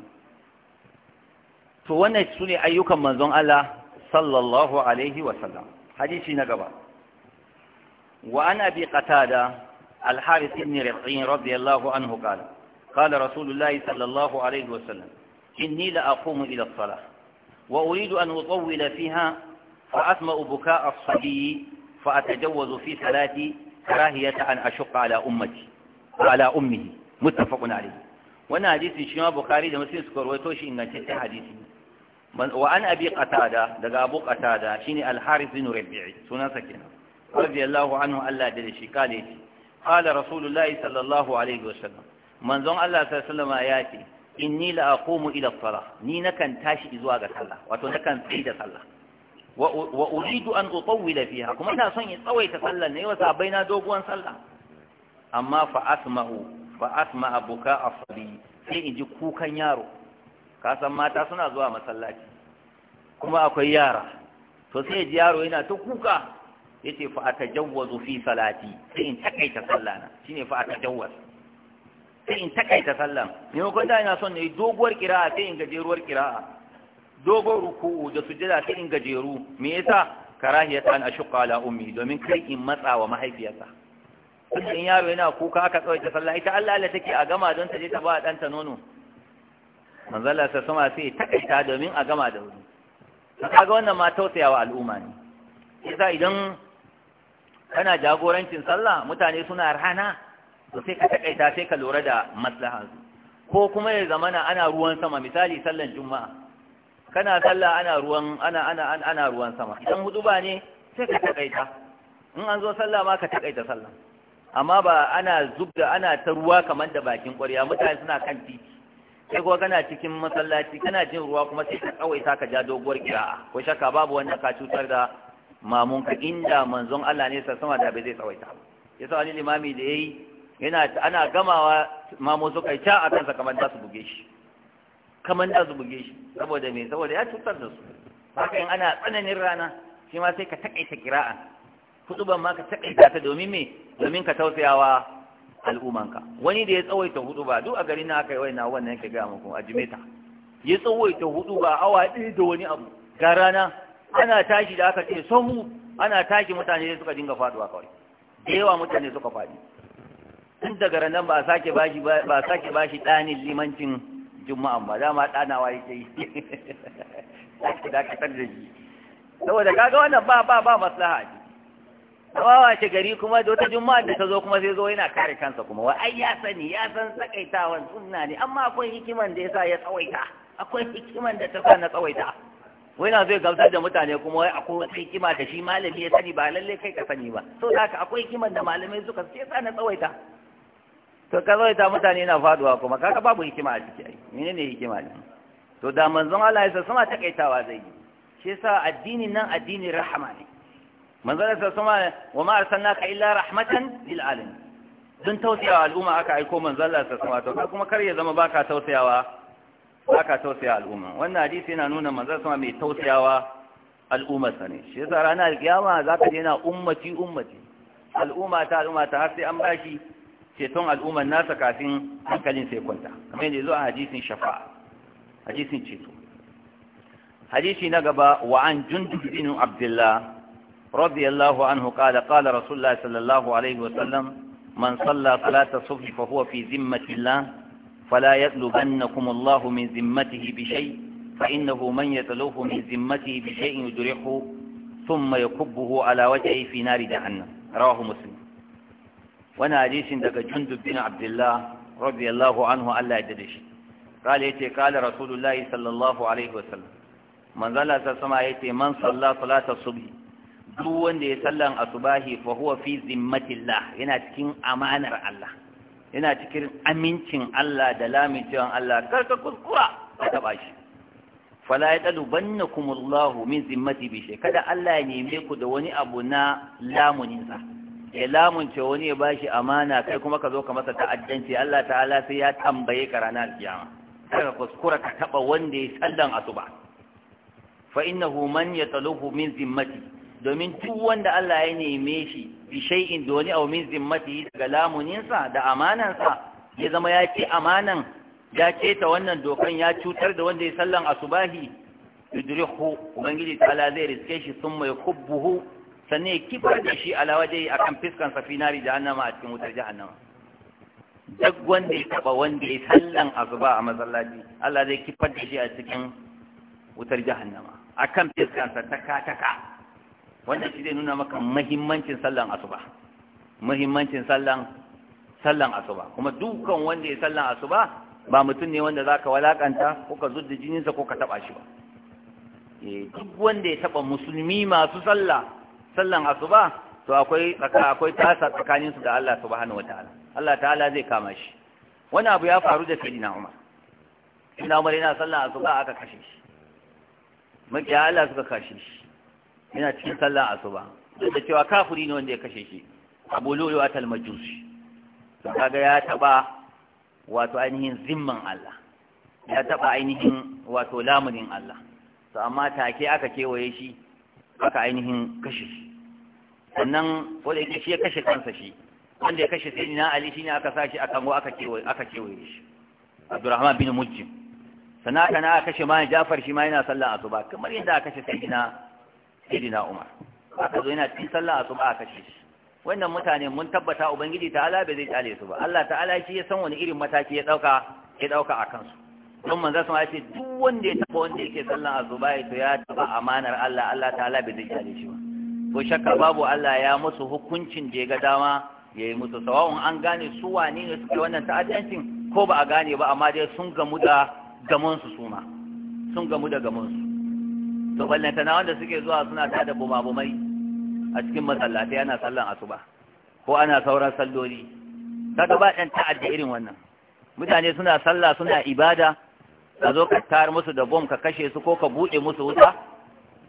to wannan su ne ayyukan manzon Allah sallallahu alaihi wa sallam hadisi na gaba wa an abi qatada al-harith ibn rabi'in radiyallahu anhu qala قال رسول الله صلى الله عليه وسلم إني لأقوم إلى الصلاة وأريد أن أطول فيها فأسمع بكاء الصبي فأتجوز في صلاتي كراهية أن أشق على أمتي على أمه متفق عليه وانا حديث شما بخاري ده مسلم سكر ويتوشي إن كنت حديثي وأن أبي قتادة لقى أبو قتادة شيني الحارث بن ربيعي سنة سكينة رضي الله عنه ألا دلشي قال قال رسول الله صلى الله عليه وسلم manzon Allah sallallahu alaihi ya ce inni la aqumu ila salah ni nakan tashi zuwa ga sallah wato nakan tsayi da sallah wa uridu an utawwila fiha kuma ina son in tsawaita sallar ne wa sabaina doguwan sallah amma fa asma'u fa asma'a buka asabi sai in ji kukan yaro ka san mata suna zuwa masallaci kuma akwai yara to sai ji yaro yana ta kuka yace fa atajawwazu fi salati sai in takaita na, shine fa atajawwazu sai in takaita sallan maimakon da ina son na yi doguwar kira'a sai in gajeruwar kira'a dogon ruku'u da sujjada sai in gajeru me yasa karahiyat an ashqa ala ummi domin kai in matsa wa mahaifiyarsa tunda in yaro yana kuka aka tsawaita sallah ita Allah Allah take a gama don ta je ta ba ɗanta nono manzo Allah sai sama sai takaita domin a gama da wuri kaga wannan ma tausayawa al'umma ne yasa idan kana jagorancin sallah mutane suna rana to sai ka takaita sai ka lura da maslaha ko kuma ya zamana ana ruwan sama misali sallan juma'a kana sallah ana ruwan ana ana ana ruwan sama idan huduba ne sai ka takaita in an zo sallah ma ka takaita sallah amma ba ana zubda ana ta ruwa kamar da bakin ƙwarya mutane suna kan titi sai kuma kana cikin masallaci kana jin ruwa kuma sai ka kawaita ka ja doguwar kira'a ko shakka babu wanda ka cutar da mamunka inda manzon Allah ne sa da bai zai tsawaita ba yasa wani limami da yayi yana ana gamawa mamu suka ca a kansa kamar da su buge shi kamar da su buge shi saboda me saboda ya cutar da su haka in ana tsananin rana shi ma sai ka takaita kira'a huduban ma ka takaita ta domin me domin ka tausayawa al'umanka wani da ya tsawaita huduba duk a garin na aka yi na wannan yake gaya muku a jimeta ya tsawaita huduba awa ɗaya da wani abu ga rana ana tashi da aka ce son mu ana tashi mutane suka dinga faduwa kawai da yawa mutane suka faɗi tun daga ranar ba a sake bashi ba sake bashi ɗanin limancin juma'a ba ma ɗanawa yake yi sake dakatar da shi saboda kaga wannan ba ba ba maslaha ce amma ce gari kuma da wata juma'a da ta zo kuma sai zo yana kare kansa kuma wa ai ya sani ya san sakaitawa sunna ne amma akwai hikiman da yasa ya tsawaita akwai hikiman da ta sa na tsawaita wai na zai gamsar da mutane kuma wai akwai wata hikima da shi malami ya sani ba lalle kai ka sani ba so da haka akwai hikiman da malamai suka sai sa na tsawaita to ka zo ita mutane na faduwa kuma kaga babu hikima a ciki ai ne hikima ne to da manzon Allah ya sa sama kaitawa zai yi shi yasa addinin nan addinin rahama ne manzon Allah ya sama wa ma arsalnaka illa rahmatan lil alamin dun tausayawa al'umma aka aiko manzon Allah ya sama to kuma kar ya zama baka tausayawa baka tausaya al'umma wannan hadisi yana nuna manzon sama mai tausayawa al'ummar sa ne shi yasa ranar kiyama zaka je na ummati ummati al'umma ta al'umma ta har sai an bashi ceton al'ummar nasa kafin hankalin sai kwanta kamar yadda zuwa hadisin shafa'a hadisin ceto hadisi na gaba wa an jundub bin abdullah radiyallahu anhu qala qala rasulullah sallallahu alaihi wa sallam man salla salata subh fa huwa fi zimmati llah fala yatlubannakum allah min zimmatihi bi shay fa innahu man yatluhu min zimmatihi bi shay'in yudrihu thumma yakubbuhu ala wajhihi fi wani hadisin daga jundub bin abdullah radiyallahu anhu Allah ya dade shi kala yace kala rasulullahi sallallahu alaihi wasallam manzala ta sama yace man salla salata subhi duk wanda ya sallan asubahi fa huwa fi zimmatillah yana cikin amanar Allah yana cikin amincin Allah da lamicewan Allah Kar ka kuskura ka taba shi fala yatalubannakumullahu min zimmati bi shay kada Allah ya neme ku da wani abu na lamuninsa ya lamunce wani ya bashi amana kai kuma ka zo ka masa ta'addanci Allah ta'ala sai ya tambaye ka ranar kiyama ka kuskura ka taba wanda ya sallan asuba fa innahu man yataluhu min zimmati domin duk wanda Allah ya neme shi bi shay'in doni aw min zimmati daga lamuninsa da amanansa ya zama ya ci amanan ya ce ta wannan dokan ya cutar da wanda ya sallan asubahi yudrihu ubangiji ta'ala zai riske shi sun mai yakubbuhu sannan ya kifar da shi ala waje a kan fiskan safinari jahannama a cikin wutar jahannama duk wanda ya taɓa wanda ya sallan azuba a masallaci Allah zai kifar da shi a cikin wutar jahannama a kan fiskan sa taka-taka wanda shi zai nuna maka mahimmancin sallan asuba mahimmancin sallan sallan asuba kuma dukan wanda ya sallan asuba ba mutum ne wanda zaka walakanta ko ka zudda jininsa ko ka taɓa shi ba eh, duk wanda ya taɓa musulmi masu sallah sallan asuba to akwai tsaka akwai tasa tsakanin su da Allah subhanahu wataala Allah ta'ala zai kama shi wani abu ya faru da sayyidina Umar sayyidina Umar yana sallan asuba aka kashe shi makiya Allah suka kashe shi yana cikin sallan asuba da cewa kafiri ne wanda ya kashe shi Abu Lulu atal majusi kaga ya taba wato ainihin zimman Allah ya taba ainihin wato lamunin Allah to amma take aka kewaye shi aka ainihin kashe shi sannan wanda yake shi ya kashe kansa shi wanda ya kashe sai na ali shine aka sa shi a kango aka kewaye aka kewaye shi abdurrahman bin mujjim sannan aka na kashe ma jafar shi ma yana sallan asuba kamar yadda aka kashe sayyidina sayyidina umar aka zo yana cikin sallan asuba aka kashe shi wannan mutane mun tabbata ubangiji ta'ala bai zai kyale su ba Allah ta'ala shi ya san wani irin mataki ya dauka ya dauka a kansu don manzo sama ya ce duk wanda ya taba wanda yake sallan azuba to ya taba amanar Allah Allah ta'ala bai zai kare shi ba ko shakka babu Allah ya musu hukuncin da ya ga dama ya yi musu sawa'un an gane su wani ne suke wannan ta'addancin ko ba a gane ba amma dai sun gamu da gamon su suma sun gamu da gamon su to ballanta na wanda suke zuwa suna ta da bumabumai a cikin masallatai ana sallan asuba ko ana sauran salloli kaga ba ɗan ta'adda irin wannan mutane suna sallah suna ibada ka zo ka tar musu da bom ka kashe su ko ka buɗe musu wuta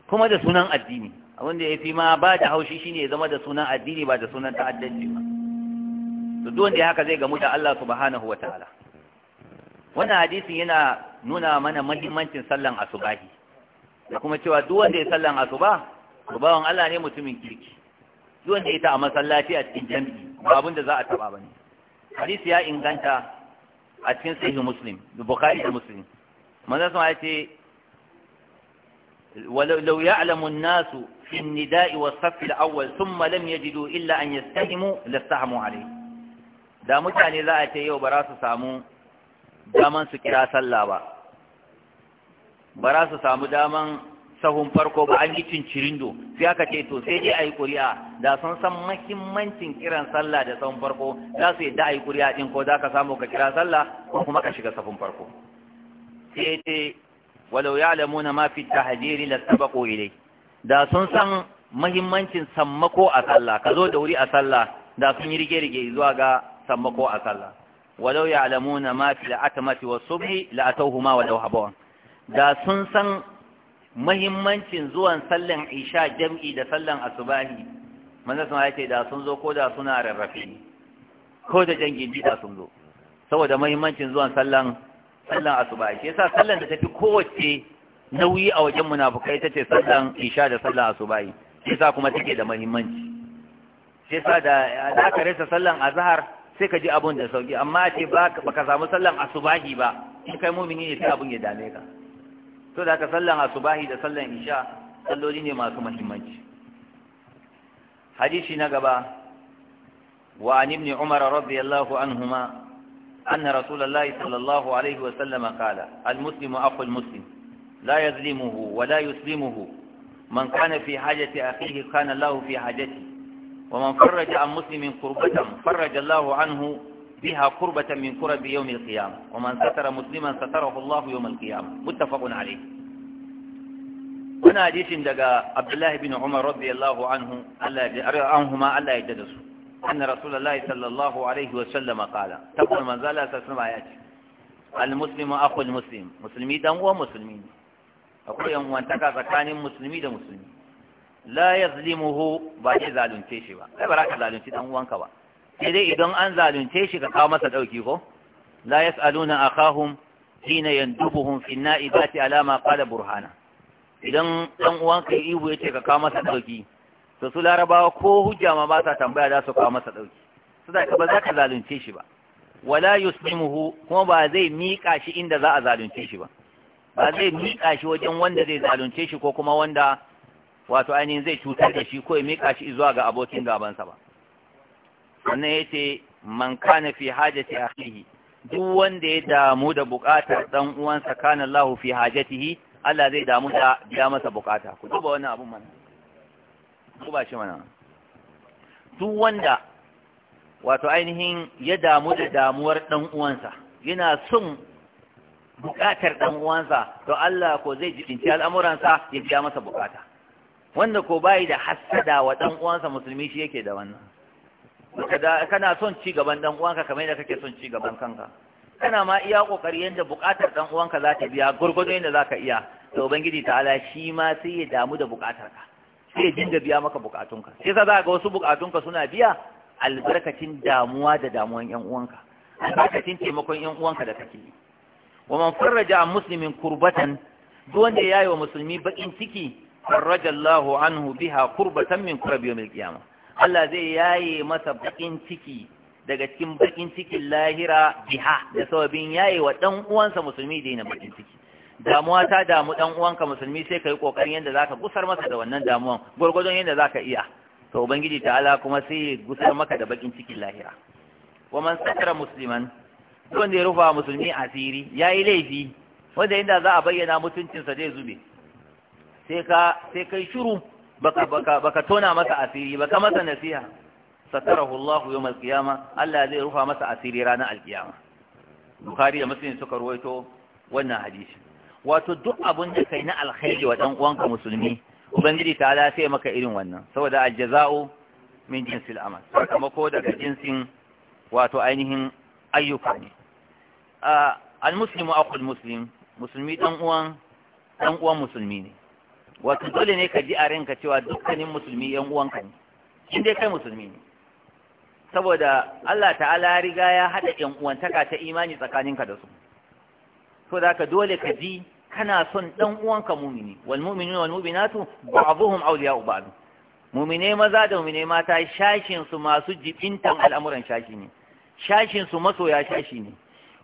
kuma da sunan addini abin da ya fi ma ba da haushi shi ya zama da sunan addini ba da sunan ta'addanci ba to duk wanda ya haka zai gamu da Allah subhanahu ta'ala wannan hadisin yana nuna mana mahimmancin sallan asubahi da kuma cewa duk wanda ya sallan asuba bawan Allah ne mutumin kirki duk wanda ya ta a masallaci a cikin jami'i ba abin da za a taba bane hadisi ya inganta a cikin sahih muslim da bukhari da muslim ماذا sama ya ce ولو يعلم الناس في النداء والصف الأول ثم لم يجدوا إلا أن يستهموا لاستهموا عليه da mutane za a ce yau سامو دامن su samu daman su kira sallah ba su samu daman sahun farko ba an yi do sai aka ce to sai dai a yi ƙuri'a da sun san mahimmancin kiran sallah da sahun farko za su yi da a yi ƙuri'a ɗin ko za ka samu ka kira sallah ko kuma ka shiga sahun farko sai ce walau ya'lamuna ma fi tahjiri lasabaqu ilai da sun san muhimmancin sammako a sallah ka zo da wuri a sallah da sun yi rige rige zuwa ga sammako a sallah walau ya'lamuna ma fi al'atmati was-subhi la'atawhuma walau habawan da sun san muhimmancin zuwan sallan isha jam'i da sallan asubahi manzo sun yace da sun zo ko da suna rarrafe ko da jangin da sun zo saboda muhimmancin zuwan sallan sallan asuba shi yasa sallan da tafi kowace nauyi a wajen munafukai ta ce sallan isha da sallan asuba shi yasa kuma take da muhimmanci shi yasa da aka rasa sallan azhar sai ka ji abun da sauki amma ce baka samu sallan asubahi ba in kai mumini ne sai abun ya dame ka to da ka sallan asubahi da sallan isha salloli ne masu muhimmanci hadisi na gaba wa an ibn umar radiyallahu anhuma أن رسول الله صلى الله عليه وسلم قال المسلم أخو المسلم لا يظلمه ولا يسلمه من كان في حاجة أخيه كان الله في حاجته ومن فرج عن مسلم كربة فرج الله عنه بها كربة من كرب يوم القيامة ومن ستر مسلما ستره الله يوم القيامة متفق عليه هنا حديث دقى عبد الله بن عمر رضي الله عنه عنهما ألا يجدسه أن رسول الله صلى الله عليه وسلم قال تقول من ذلك تسلم آيات المسلم أخو المسلم مسلمي دم ومسلمين أقول يوم وانتكى سكان مسلمي دم مسلمين لا يظلمه باجي ظالم تيشي با لا براك ظالم تيشي دم وانك با إذا إذن أن ظالم تيشي كقامة تأوكيكو لا يسألون أخاهم حين يندبهم في النائبات على ما قال برهانا إذن أن وانك إيوه يتكى قامة تأوكيكو to su larabawa ko hujja ma ba sa tambaya za su kawo masa ɗauki su da ka ba za ka zalunce shi ba wala yuslimuhu kuma ba zai miƙa shi inda za a zalunce shi ba ba zai miƙa shi wajen wanda zai zalunce shi ko kuma wanda wato ainihin zai cutar da shi ko ya miƙa shi zuwa ga abokin gabansa ba sannan ya ce man kana fi hajati akhihi duk wanda ya damu da bukatar ɗan uwansa kana Allahu fi hajatihi Allah zai damu da ya masa buƙata ku duba wannan abun mana ba shi mana duk wanda wato ainihin ya damu da damuwar dan uwansa yana son bukatar dan uwansa to Allah ko zai jibinci al'amuransa ya biya masa bukata wanda ko bai da hassada wa dan uwansa musulmi shi yake da wannan kana son ci gaban dan uwanka kamar yadda kake son ci gaban kanka kana ma iya kokari yanda bukatar dan uwanka za ta biya gurgudu yanda zaka iya to ubangiji ta'ala shi ma sai ya damu da bukatarka sai dinga biya maka bukatunka sai sa za ga wasu bukatunka suna biya albarkacin damuwa da damuwan ƴan uwanka albarkacin taimakon ƴan uwanka da kake wa man farraja an muslimin kurbatan duk wanda yayi wa musulmi bakin ciki farraja Allahu anhu biha kurbatan min kurabi yawmil qiyama Allah zai yaye masa bakin ciki daga cikin bakin cikin lahira biha da sababin yayi wa dan uwansa musulmi da yana bakin ciki damuwa ta damu ɗan uwanka musulmi sai ka kai kokarin yanda zaka gusar masa da wannan damuwan gurgurdon yanda zaka iya to ubangiji ta'ala kuma sai gusar maka da bakin cikin lahira wa man satara musliman wanda ya rufa musulmi asiri yayi laifi wanda inda za a bayyana mutuncinsa zai zube sai kai shiru baka baka tona masa asiri baka masa nasiha satarahu Allah yawm al-qiyama Allah zai rufa masa asiri ranar al-qiyama Bukhari da Muslim suka ruwaito wannan hadisi wato duk abin da kai na alkhairi wa dan uwanka musulmi ubangiji ta ala sai maka irin wannan saboda aljaza'u min jinsil amal sakamako daga jinsin wato ainihin ayyuka ne almuslimu akhul muslim musulmi dan uwan dan uwan musulmi ne wato dole ne ka ji a ranka cewa dukkanin musulmi yan uwanka ne in dai kai musulmi ne saboda Allah ta'ala riga ya hada yan uwantaka ta imani tsakaninka da su Saboda da ka dole ka ji kana son dan uwanka mumini wal mu'minuna wal mu'minatu ba'dhuhum awliya'u ba'd mumine maza da mumine mata shashin su masu jibintan al'amuran shashi ne shashin su masoya shashi ne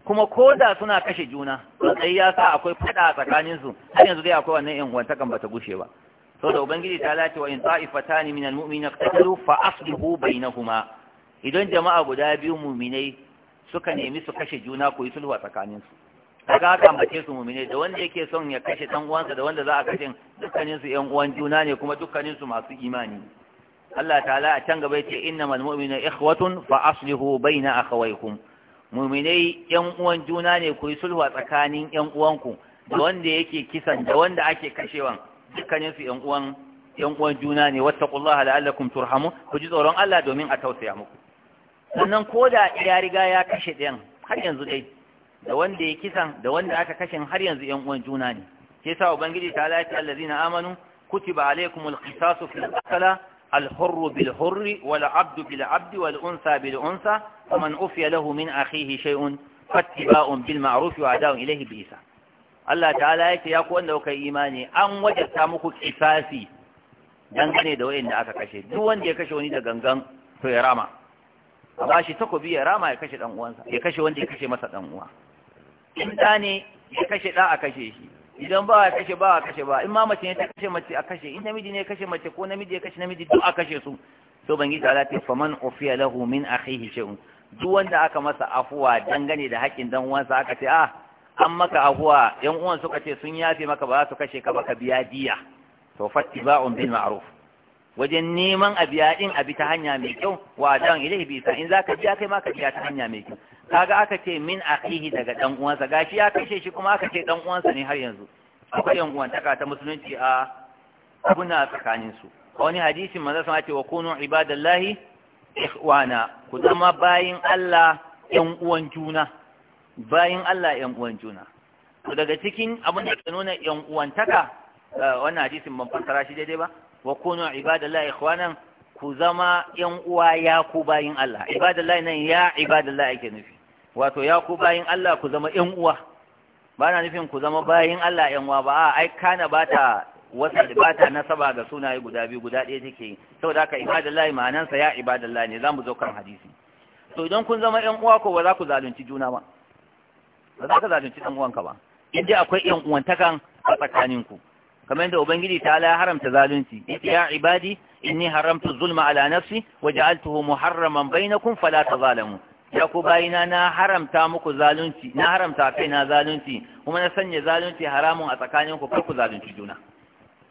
kuma ko da suna kashe juna sai ya sa akwai fada a tsakanin su har yanzu dai akwai wannan yan wantakan bata gushe ba saboda ubangiji ta lati wa in ta'ifatani minal mu'minina qatalu fa aslihu bainahuma idan jama'a guda biyu muminai suka nemi su kashe juna ko yi sulhu a tsakaninsu kaga aka ambace su mumine da wanda yake son ya kashe dan uwansa da wanda za a kashe dukkanin su ƴan uwan juna ne kuma dukkanin su masu imani Allah ta'ala a can gaba yace innamal mu'minuna ikhwatun fa aslihu baina akhawaykum mu'minai ƴan uwan juna ne ku yi sulhu tsakanin ƴan uwanku da wanda yake kisan da wanda ake kashewan dukkanin su ƴan uwan ƴan uwan juna ne wattaqullaha la'allakum turhamun ku ji tsoron Allah domin a tausaya muku sannan koda ya riga ya kashe ɗayan har yanzu dai da wanda ya kisan da wanda aka kashin har yanzu yan uwan juna ne ke sa ubangiji ta lati na amanu kutiba alaikumul qisasu fil qatla al hurru bil hurri wal abdu bil abdi wal unsa bil unsa faman ufiya lahu min akhihi shay'un fattiba'un bil ma'ruf wa ada'un ilayhi bi isa Allah ta'ala yake ya ku wanda kuka imani an wajabta muku kisasi. dangane da wayanda aka kashe duk wanda ya kashe wani da gangan to ya rama a bashi takobi ya rama ya kashe ɗan uwansa ya kashe wanda ya kashe masa ɗan uwa in ɗa ne ya kashe ɗa a kashe shi idan ba a kashe ba a kashe ba in ma mace ne ta kashe mace a kashe in namiji ne ya kashe mace ko namiji ya kashe namiji duk a kashe su to ban bangi ta lati faman ufiya lahu min akhihi shay'un duk wanda aka masa afuwa dangane da haƙin dan uwansa aka ce ah an maka afuwa yan uwan suka ce sun yafe maka ba za su kashe ka ba ka biya diya to fattiba'un bil ma'ruf wajen neman a biya din a bi ta hanya mai kyau wa dan ilaihi bi in zaka biya kai ma ka biya ta hanya mai kyau kaga aka ce min akhihi daga dan uwansa gashi ya kashe shi kuma aka ce dan uwansa ne har yanzu akwai yan uwan taka ta musulunci a abuna tsakanin su wani hadisin manzo sama ce wa kunu ibadallahi ikhwana ku zama bayin Allah yan uwan juna bayin Allah yan uwan juna to daga cikin abin da ke nuna yan uwan taka. Eh, wannan hadisin ban fassara shi daidai ba wa kunu ibadallahi ikhwana ku zama yan uwa ya ku bayin Allah ibadallahi nan ya ibadallahi ake nufi wato ya ku bayin Allah ku zama ƴan uwa ba na nufin ku zama bayin Allah ƴan uwa ba ai kana ba ta wasa ba ta nasaba ga sunaye guda biyu guda ɗaya take saboda haka ibadallahi ma'anansa ya ibadallahi ne zamu zo kan hadisi to idan kun zama ƴan uwa ko ba za ku zalunci juna ba ba za ka zalunci ɗan uwanka ba in dai akwai ƴan uwantakan a ku. kamar yadda ubangiji ta ala haramta zalunci ya ibadi inni haramtu zulma ala nafsi wa ja'altuhu muharraman bainakum fala tazalamu ya ku bayina na haramta muku zalunci na haramta kai na zalunci kuma na sanya zalunci haramun a tsakanin ku kar ku zalunci juna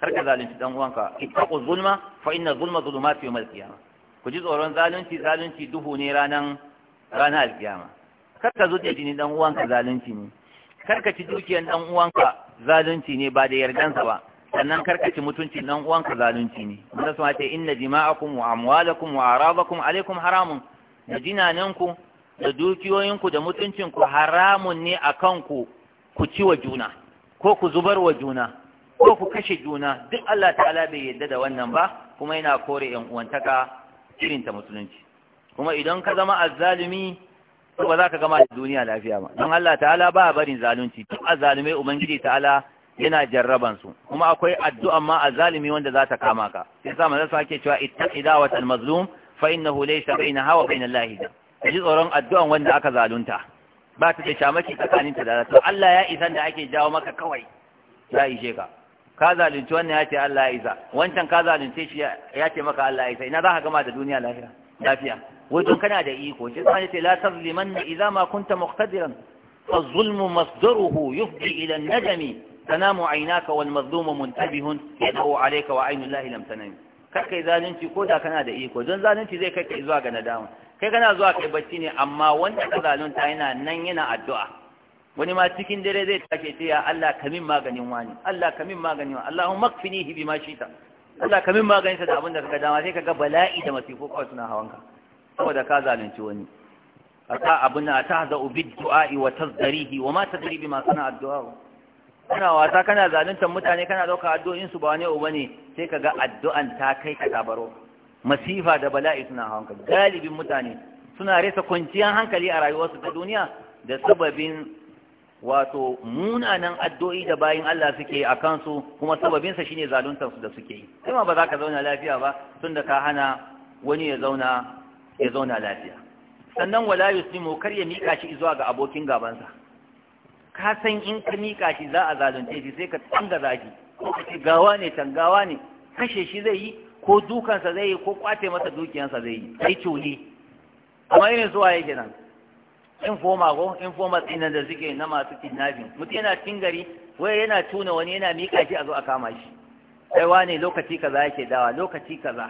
kar ka zalunci dan uwanka ittaqu zulma fa inna zulma zulumat yawm al-qiyamah ku ji tsoron zalunci zalunci duhu ne ranan ranar al-qiyamah kar ka zuce jini dan uwanka zalunci ne kar ka ci dukiyar dan uwanka zalunci ne ba da yardansa ba sannan kar ka ci mutuncin dan uwanka zalunci ne kuma sai ce inna jima'akum wa amwalakum wa aradakum alaikum haramun da jinananku da dukiyoyinku da mutuncinku haramun ne a kanku ku ci wa juna ko ku zubar wa juna ko ku kashe juna duk Allah ta'ala bai yadda da wannan ba kuma yana kore yan uwantaka irin ta musulunci kuma idan ka zama azzalumi to ba za ka gama da duniya lafiya ba don Allah ta'ala ba barin zalunci duk azzalumai ubangiji ta'ala yana jarraban su kuma akwai addu'an ma azzalumi wanda za ta kama ka sai sa manzo sake cewa ittaqi da'watal mazlum fa innahu laysa bainaha wa bainal lahi ji tsoron addu’an wanda aka zalunta ba ta tasha maki tsakaninta da rasu Allah ya isan da ake jawo maka kawai ya ishe ka ka zalunci wannan ya ce Allah ya isa wancan ka zalunce shi ya ce maka Allah ya isa ina za ka gama da duniya lafiya wajen kana da iko shi zama ya ce la tazliman na iza ma kunta muqtadiran fa zulmu masdaruhu yufdi ila nadami tanamu aynaka wal mazlumu muntabihun yadau alayka wa aynu lam tanami kai zalunci ko da kana da iko don zalunci zai kai zuwa ga nadama kai kana zuwa kai bacci ne amma wanda ka zalunta yana nan yana addu'a wani ma cikin dare zai tashi ce ya Allah ka min maganin wani Allah ka min maganin wani Allahu makfinihi bima shita Allah ka min maganin sa da abin da kaga dama sai kaga bala'i da masifo kawai suna hawanka saboda ka zalunci wani ata abuna atahza'u ubi du'a wa tazdarihi wa ma tadri bima sana addu'a kana wasa kana zaluntar mutane kana dauka addu'o'in su ba wani uba ne sai kaga addu'an ta kai ka tabaro masifa da bala'i suna hankali galibin mutane suna rasa kwanciyar hankali a rayuwarsu ta duniya da sababin wato munanan addu'o'i da bayin Allah suke a kansu kuma sababinsa shine zaluntar su da suke yi sai ma ba za ka zauna lafiya ba Tun da ka hana wani ya zauna ya zauna lafiya sannan wala yuslimu kar ya mika shi zuwa ga abokin gabansa ka san in ka mika shi za a zalunce shi sai ka tanga zaki ko ka ce gawa ne tangawa ne kashe shi zai yi ko dukansa zai yi ko kwace masa dukiyansa zai yi sai culi kamar irin su waye kenan informa ko informa tsinan da suke na masu kidnapping mutum yana cikin gari wai yana tuna wani yana mika shi a zo a kama shi sai wane lokaci kaza yake dawa lokaci kaza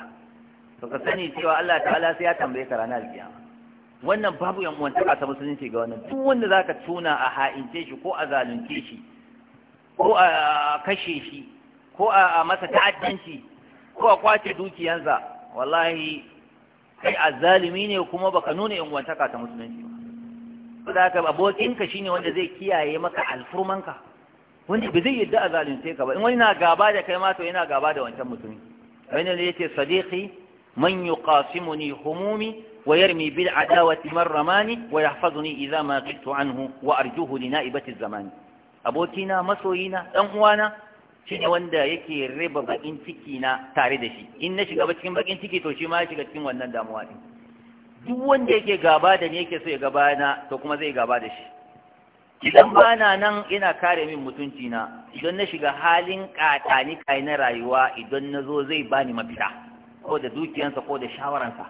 to ka sani cewa Allah ta'ala sai ya tambaye ka ranar kiyama wannan babu yan taka ta musulunci ga wannan duk wanda zaka tuna a ha'ince shi ko a zalunce shi ko a kashe shi ko a masa ta'addanci Kowa a kwace dukiyansa wallahi kai azzalimi ne kuma baka nuna ingantaka ta musulunci ba saboda haka abokinka shine wanda zai kiyaye maka alfurmanka wanda ba zai yadda a zalunce ka ba in wani na gaba da kai ma to yana gaba da wancan mutumin wani ne yace sadiqi man yuqasimuni humumi wa yarmi bil adawati marramani wa yahfazuni idza ma qitu anhu wa arjuhu li naibati zamani abokina masoyina dan uwana shi ne wanda yake raba bakin ciki na tare da shi in na shiga cikin bakin ciki to shi ma ya shiga cikin wannan damuwa din duk wanda yake gaba da ni yake so ya gaba na to kuma zai gaba da shi idan bana nan ina kare min mutunci na idan na shiga halin katani kai na rayuwa idan na zo zai bani mafita ko da dukiyansa ko da shawaransa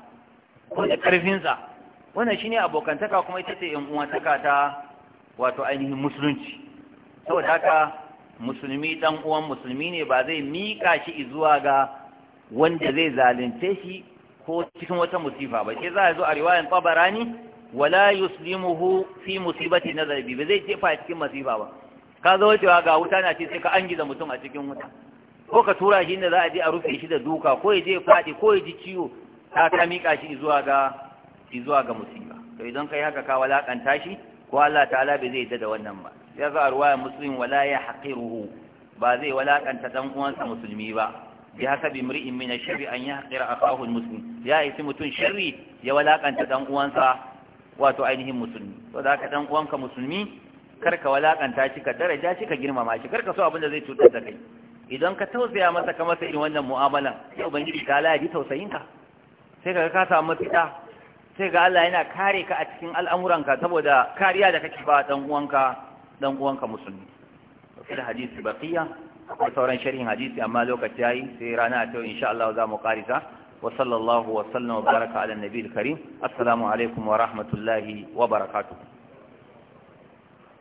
ko da karfinsa wannan shine abokantaka kuma ita ce yan uwantaka ta wato ainihin musulunci saboda haka musulmi dan uwan musulmi ne ba zai mika shi zuwa ga wanda zai zalunce shi ko cikin wata musifa ba sai za a zo a riwayan tabarani wala yuslimuhu fi musibati nazari ba zai jefa cikin masifa ba ka zo cewa ga wuta na ce sai ka angiza mutum a cikin wuta ko ka tura shi inda za a je a rufe shi da duka ko ya je fadi ko ya ji ciwo ta ka miƙa shi zuwa ga zuwa ga musiba to idan kai haka ka walakanta shi ko Allah ta'ala bai zai yadda da wannan ba ya za a ruwaya muslim wala ya haƙiruhu ba zai walaƙanta ɗan uwansa musulmi ba bi haka bi mri'in min ash-shari an yahqira akahu al-muslim ya isi mutun sharri ya walaƙanta ɗan uwansa wato ainihin musulmi to da ka ɗan uwanka musulmi karka walaƙanta shi ka daraja shi ka girmama shi karka so abin da zai cutar da kai idan ka tausaya masa ka masa irin wannan mu'amalan sai ubangiji ta Allah ya ji tausayinka sai kaga ka samu mafita sai ga Allah yana kare ka a cikin al'amuranka saboda kariya da kake ba dan uwanka dan uwanka musulmi hadisi baqiya akwai sauran shari'in hadisi amma lokaci yi sai rana in sha Allah za mu karisa wa sallallahu wa sallama wa baraka ala al karim assalamu alaikum wa rahmatullahi wa barakatuh